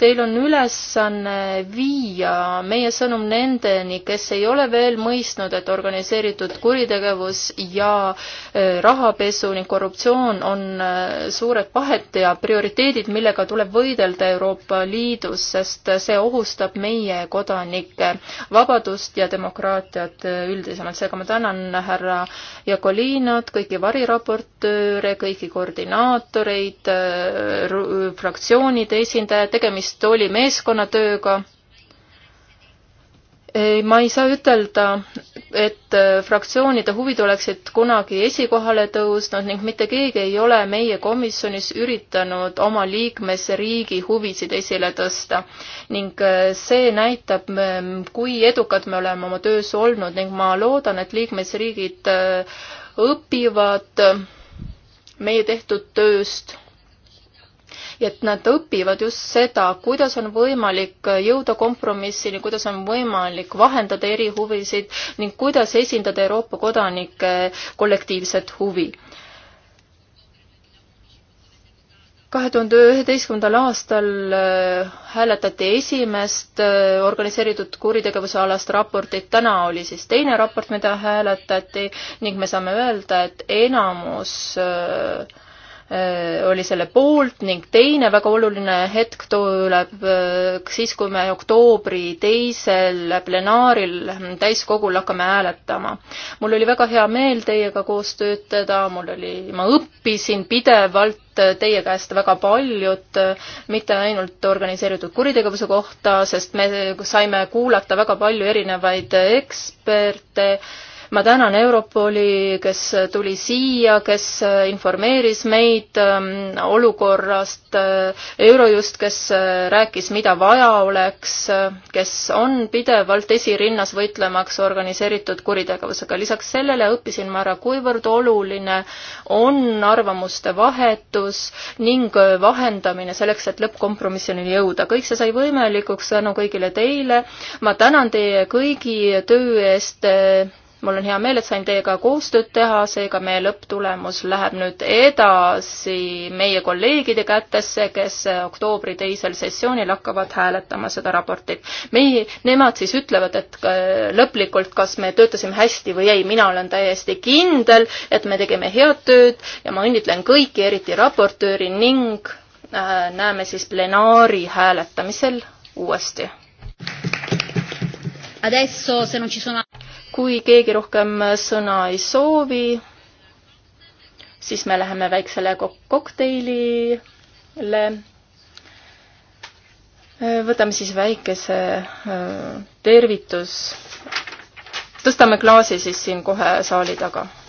Teil on ülesanne viia meie sõnum nendeni, kes ei ole veel mõistnud, et organiseeritud kuritegevus ja äh, rahapesu ning korruptsioon on äh, suured pahet ja prioriteedid, millega tuleb võidelda Euroopa Liidus, sest see ohustab meie kodanike vabadust ja demokraatiat äh, üldisemalt. seega ma tänan härra Jakolinat, kõiki variraportööre, kõiki koordinaatoreid, fraktsioonide esindajaid, tegemist tegemist oli meeskonnatööga. ma ei saa ütelda, et äh, fraktsioonide huvid oleksid kunagi esikohale tõusnud ning mitte keegi ei ole meie komisjonis üritanud oma liikmesriigi huvisid esile tõsta. ning äh, see näitab, ähm, kui edukad me oleme oma töös olnud ning ma loodan, et liikmesriigid äh, õpivad meie tehtud tööst ja et nad õpivad just seda, kuidas on võimalik jõuda kompromissini, kuidas on võimalik vahendada erihuvisid ning kuidas esindada Euroopa kodanike kollektiivset huvi kahe tuhande üheteistkümnendal aastal äh, hääletati esimest äh, organiseeritud kuritegevuse alast raportit, täna oli siis teine raport, mida hääletati ning me saame öelda, et enamus äh, Äh, oli selle poolt ning teine väga oluline hetk tuleb äh, siis, kui me oktoobri teisel plenaaril täiskogul hakkame hääletama. mul oli väga hea meel teiega koos töötada, mul oli, ma õppisin pidevalt teie käest väga paljut, mitte ainult organiseeritud kuritegevuse kohta, sest me saime kuulata väga palju erinevaid eksperte ma tänan Europoli, kes tuli siia, kes informeeris meid ähm, olukorrast, äh, Eurojust, kes äh, rääkis, mida vaja oleks, äh, kes on pidevalt esirinnas võitlemaks organiseeritud kuritegevusega. lisaks sellele õppisin ma ära, kuivõrd oluline on arvamuste vahetus ning vahendamine selleks, et lõppkompromissini jõuda. kõik see sai võimalikuks tänu kõigile teile. ma tänan teie kõigi töö eest mul on hea meel, et sain teiega koostööd teha, seega meie lõpptulemus läheb nüüd edasi meie kolleegide kätesse, kes oktoobri teisel sessioonil hakkavad hääletama seda raportit. meie, nemad siis ütlevad, et äh, lõplikult, kas me töötasime hästi või ei, mina olen täiesti kindel, et me tegime head tööd ja ma õnnitlen kõiki, eriti raportööri ning äh, näeme siis plenaari hääletamisel uuesti. Adesso se non ci sono kui keegi rohkem sõna ei soovi, siis me läheme väiksele kok kokteilile. võtame siis väikese äh, tervitus. tõstame klaasi siis siin kohe saali taga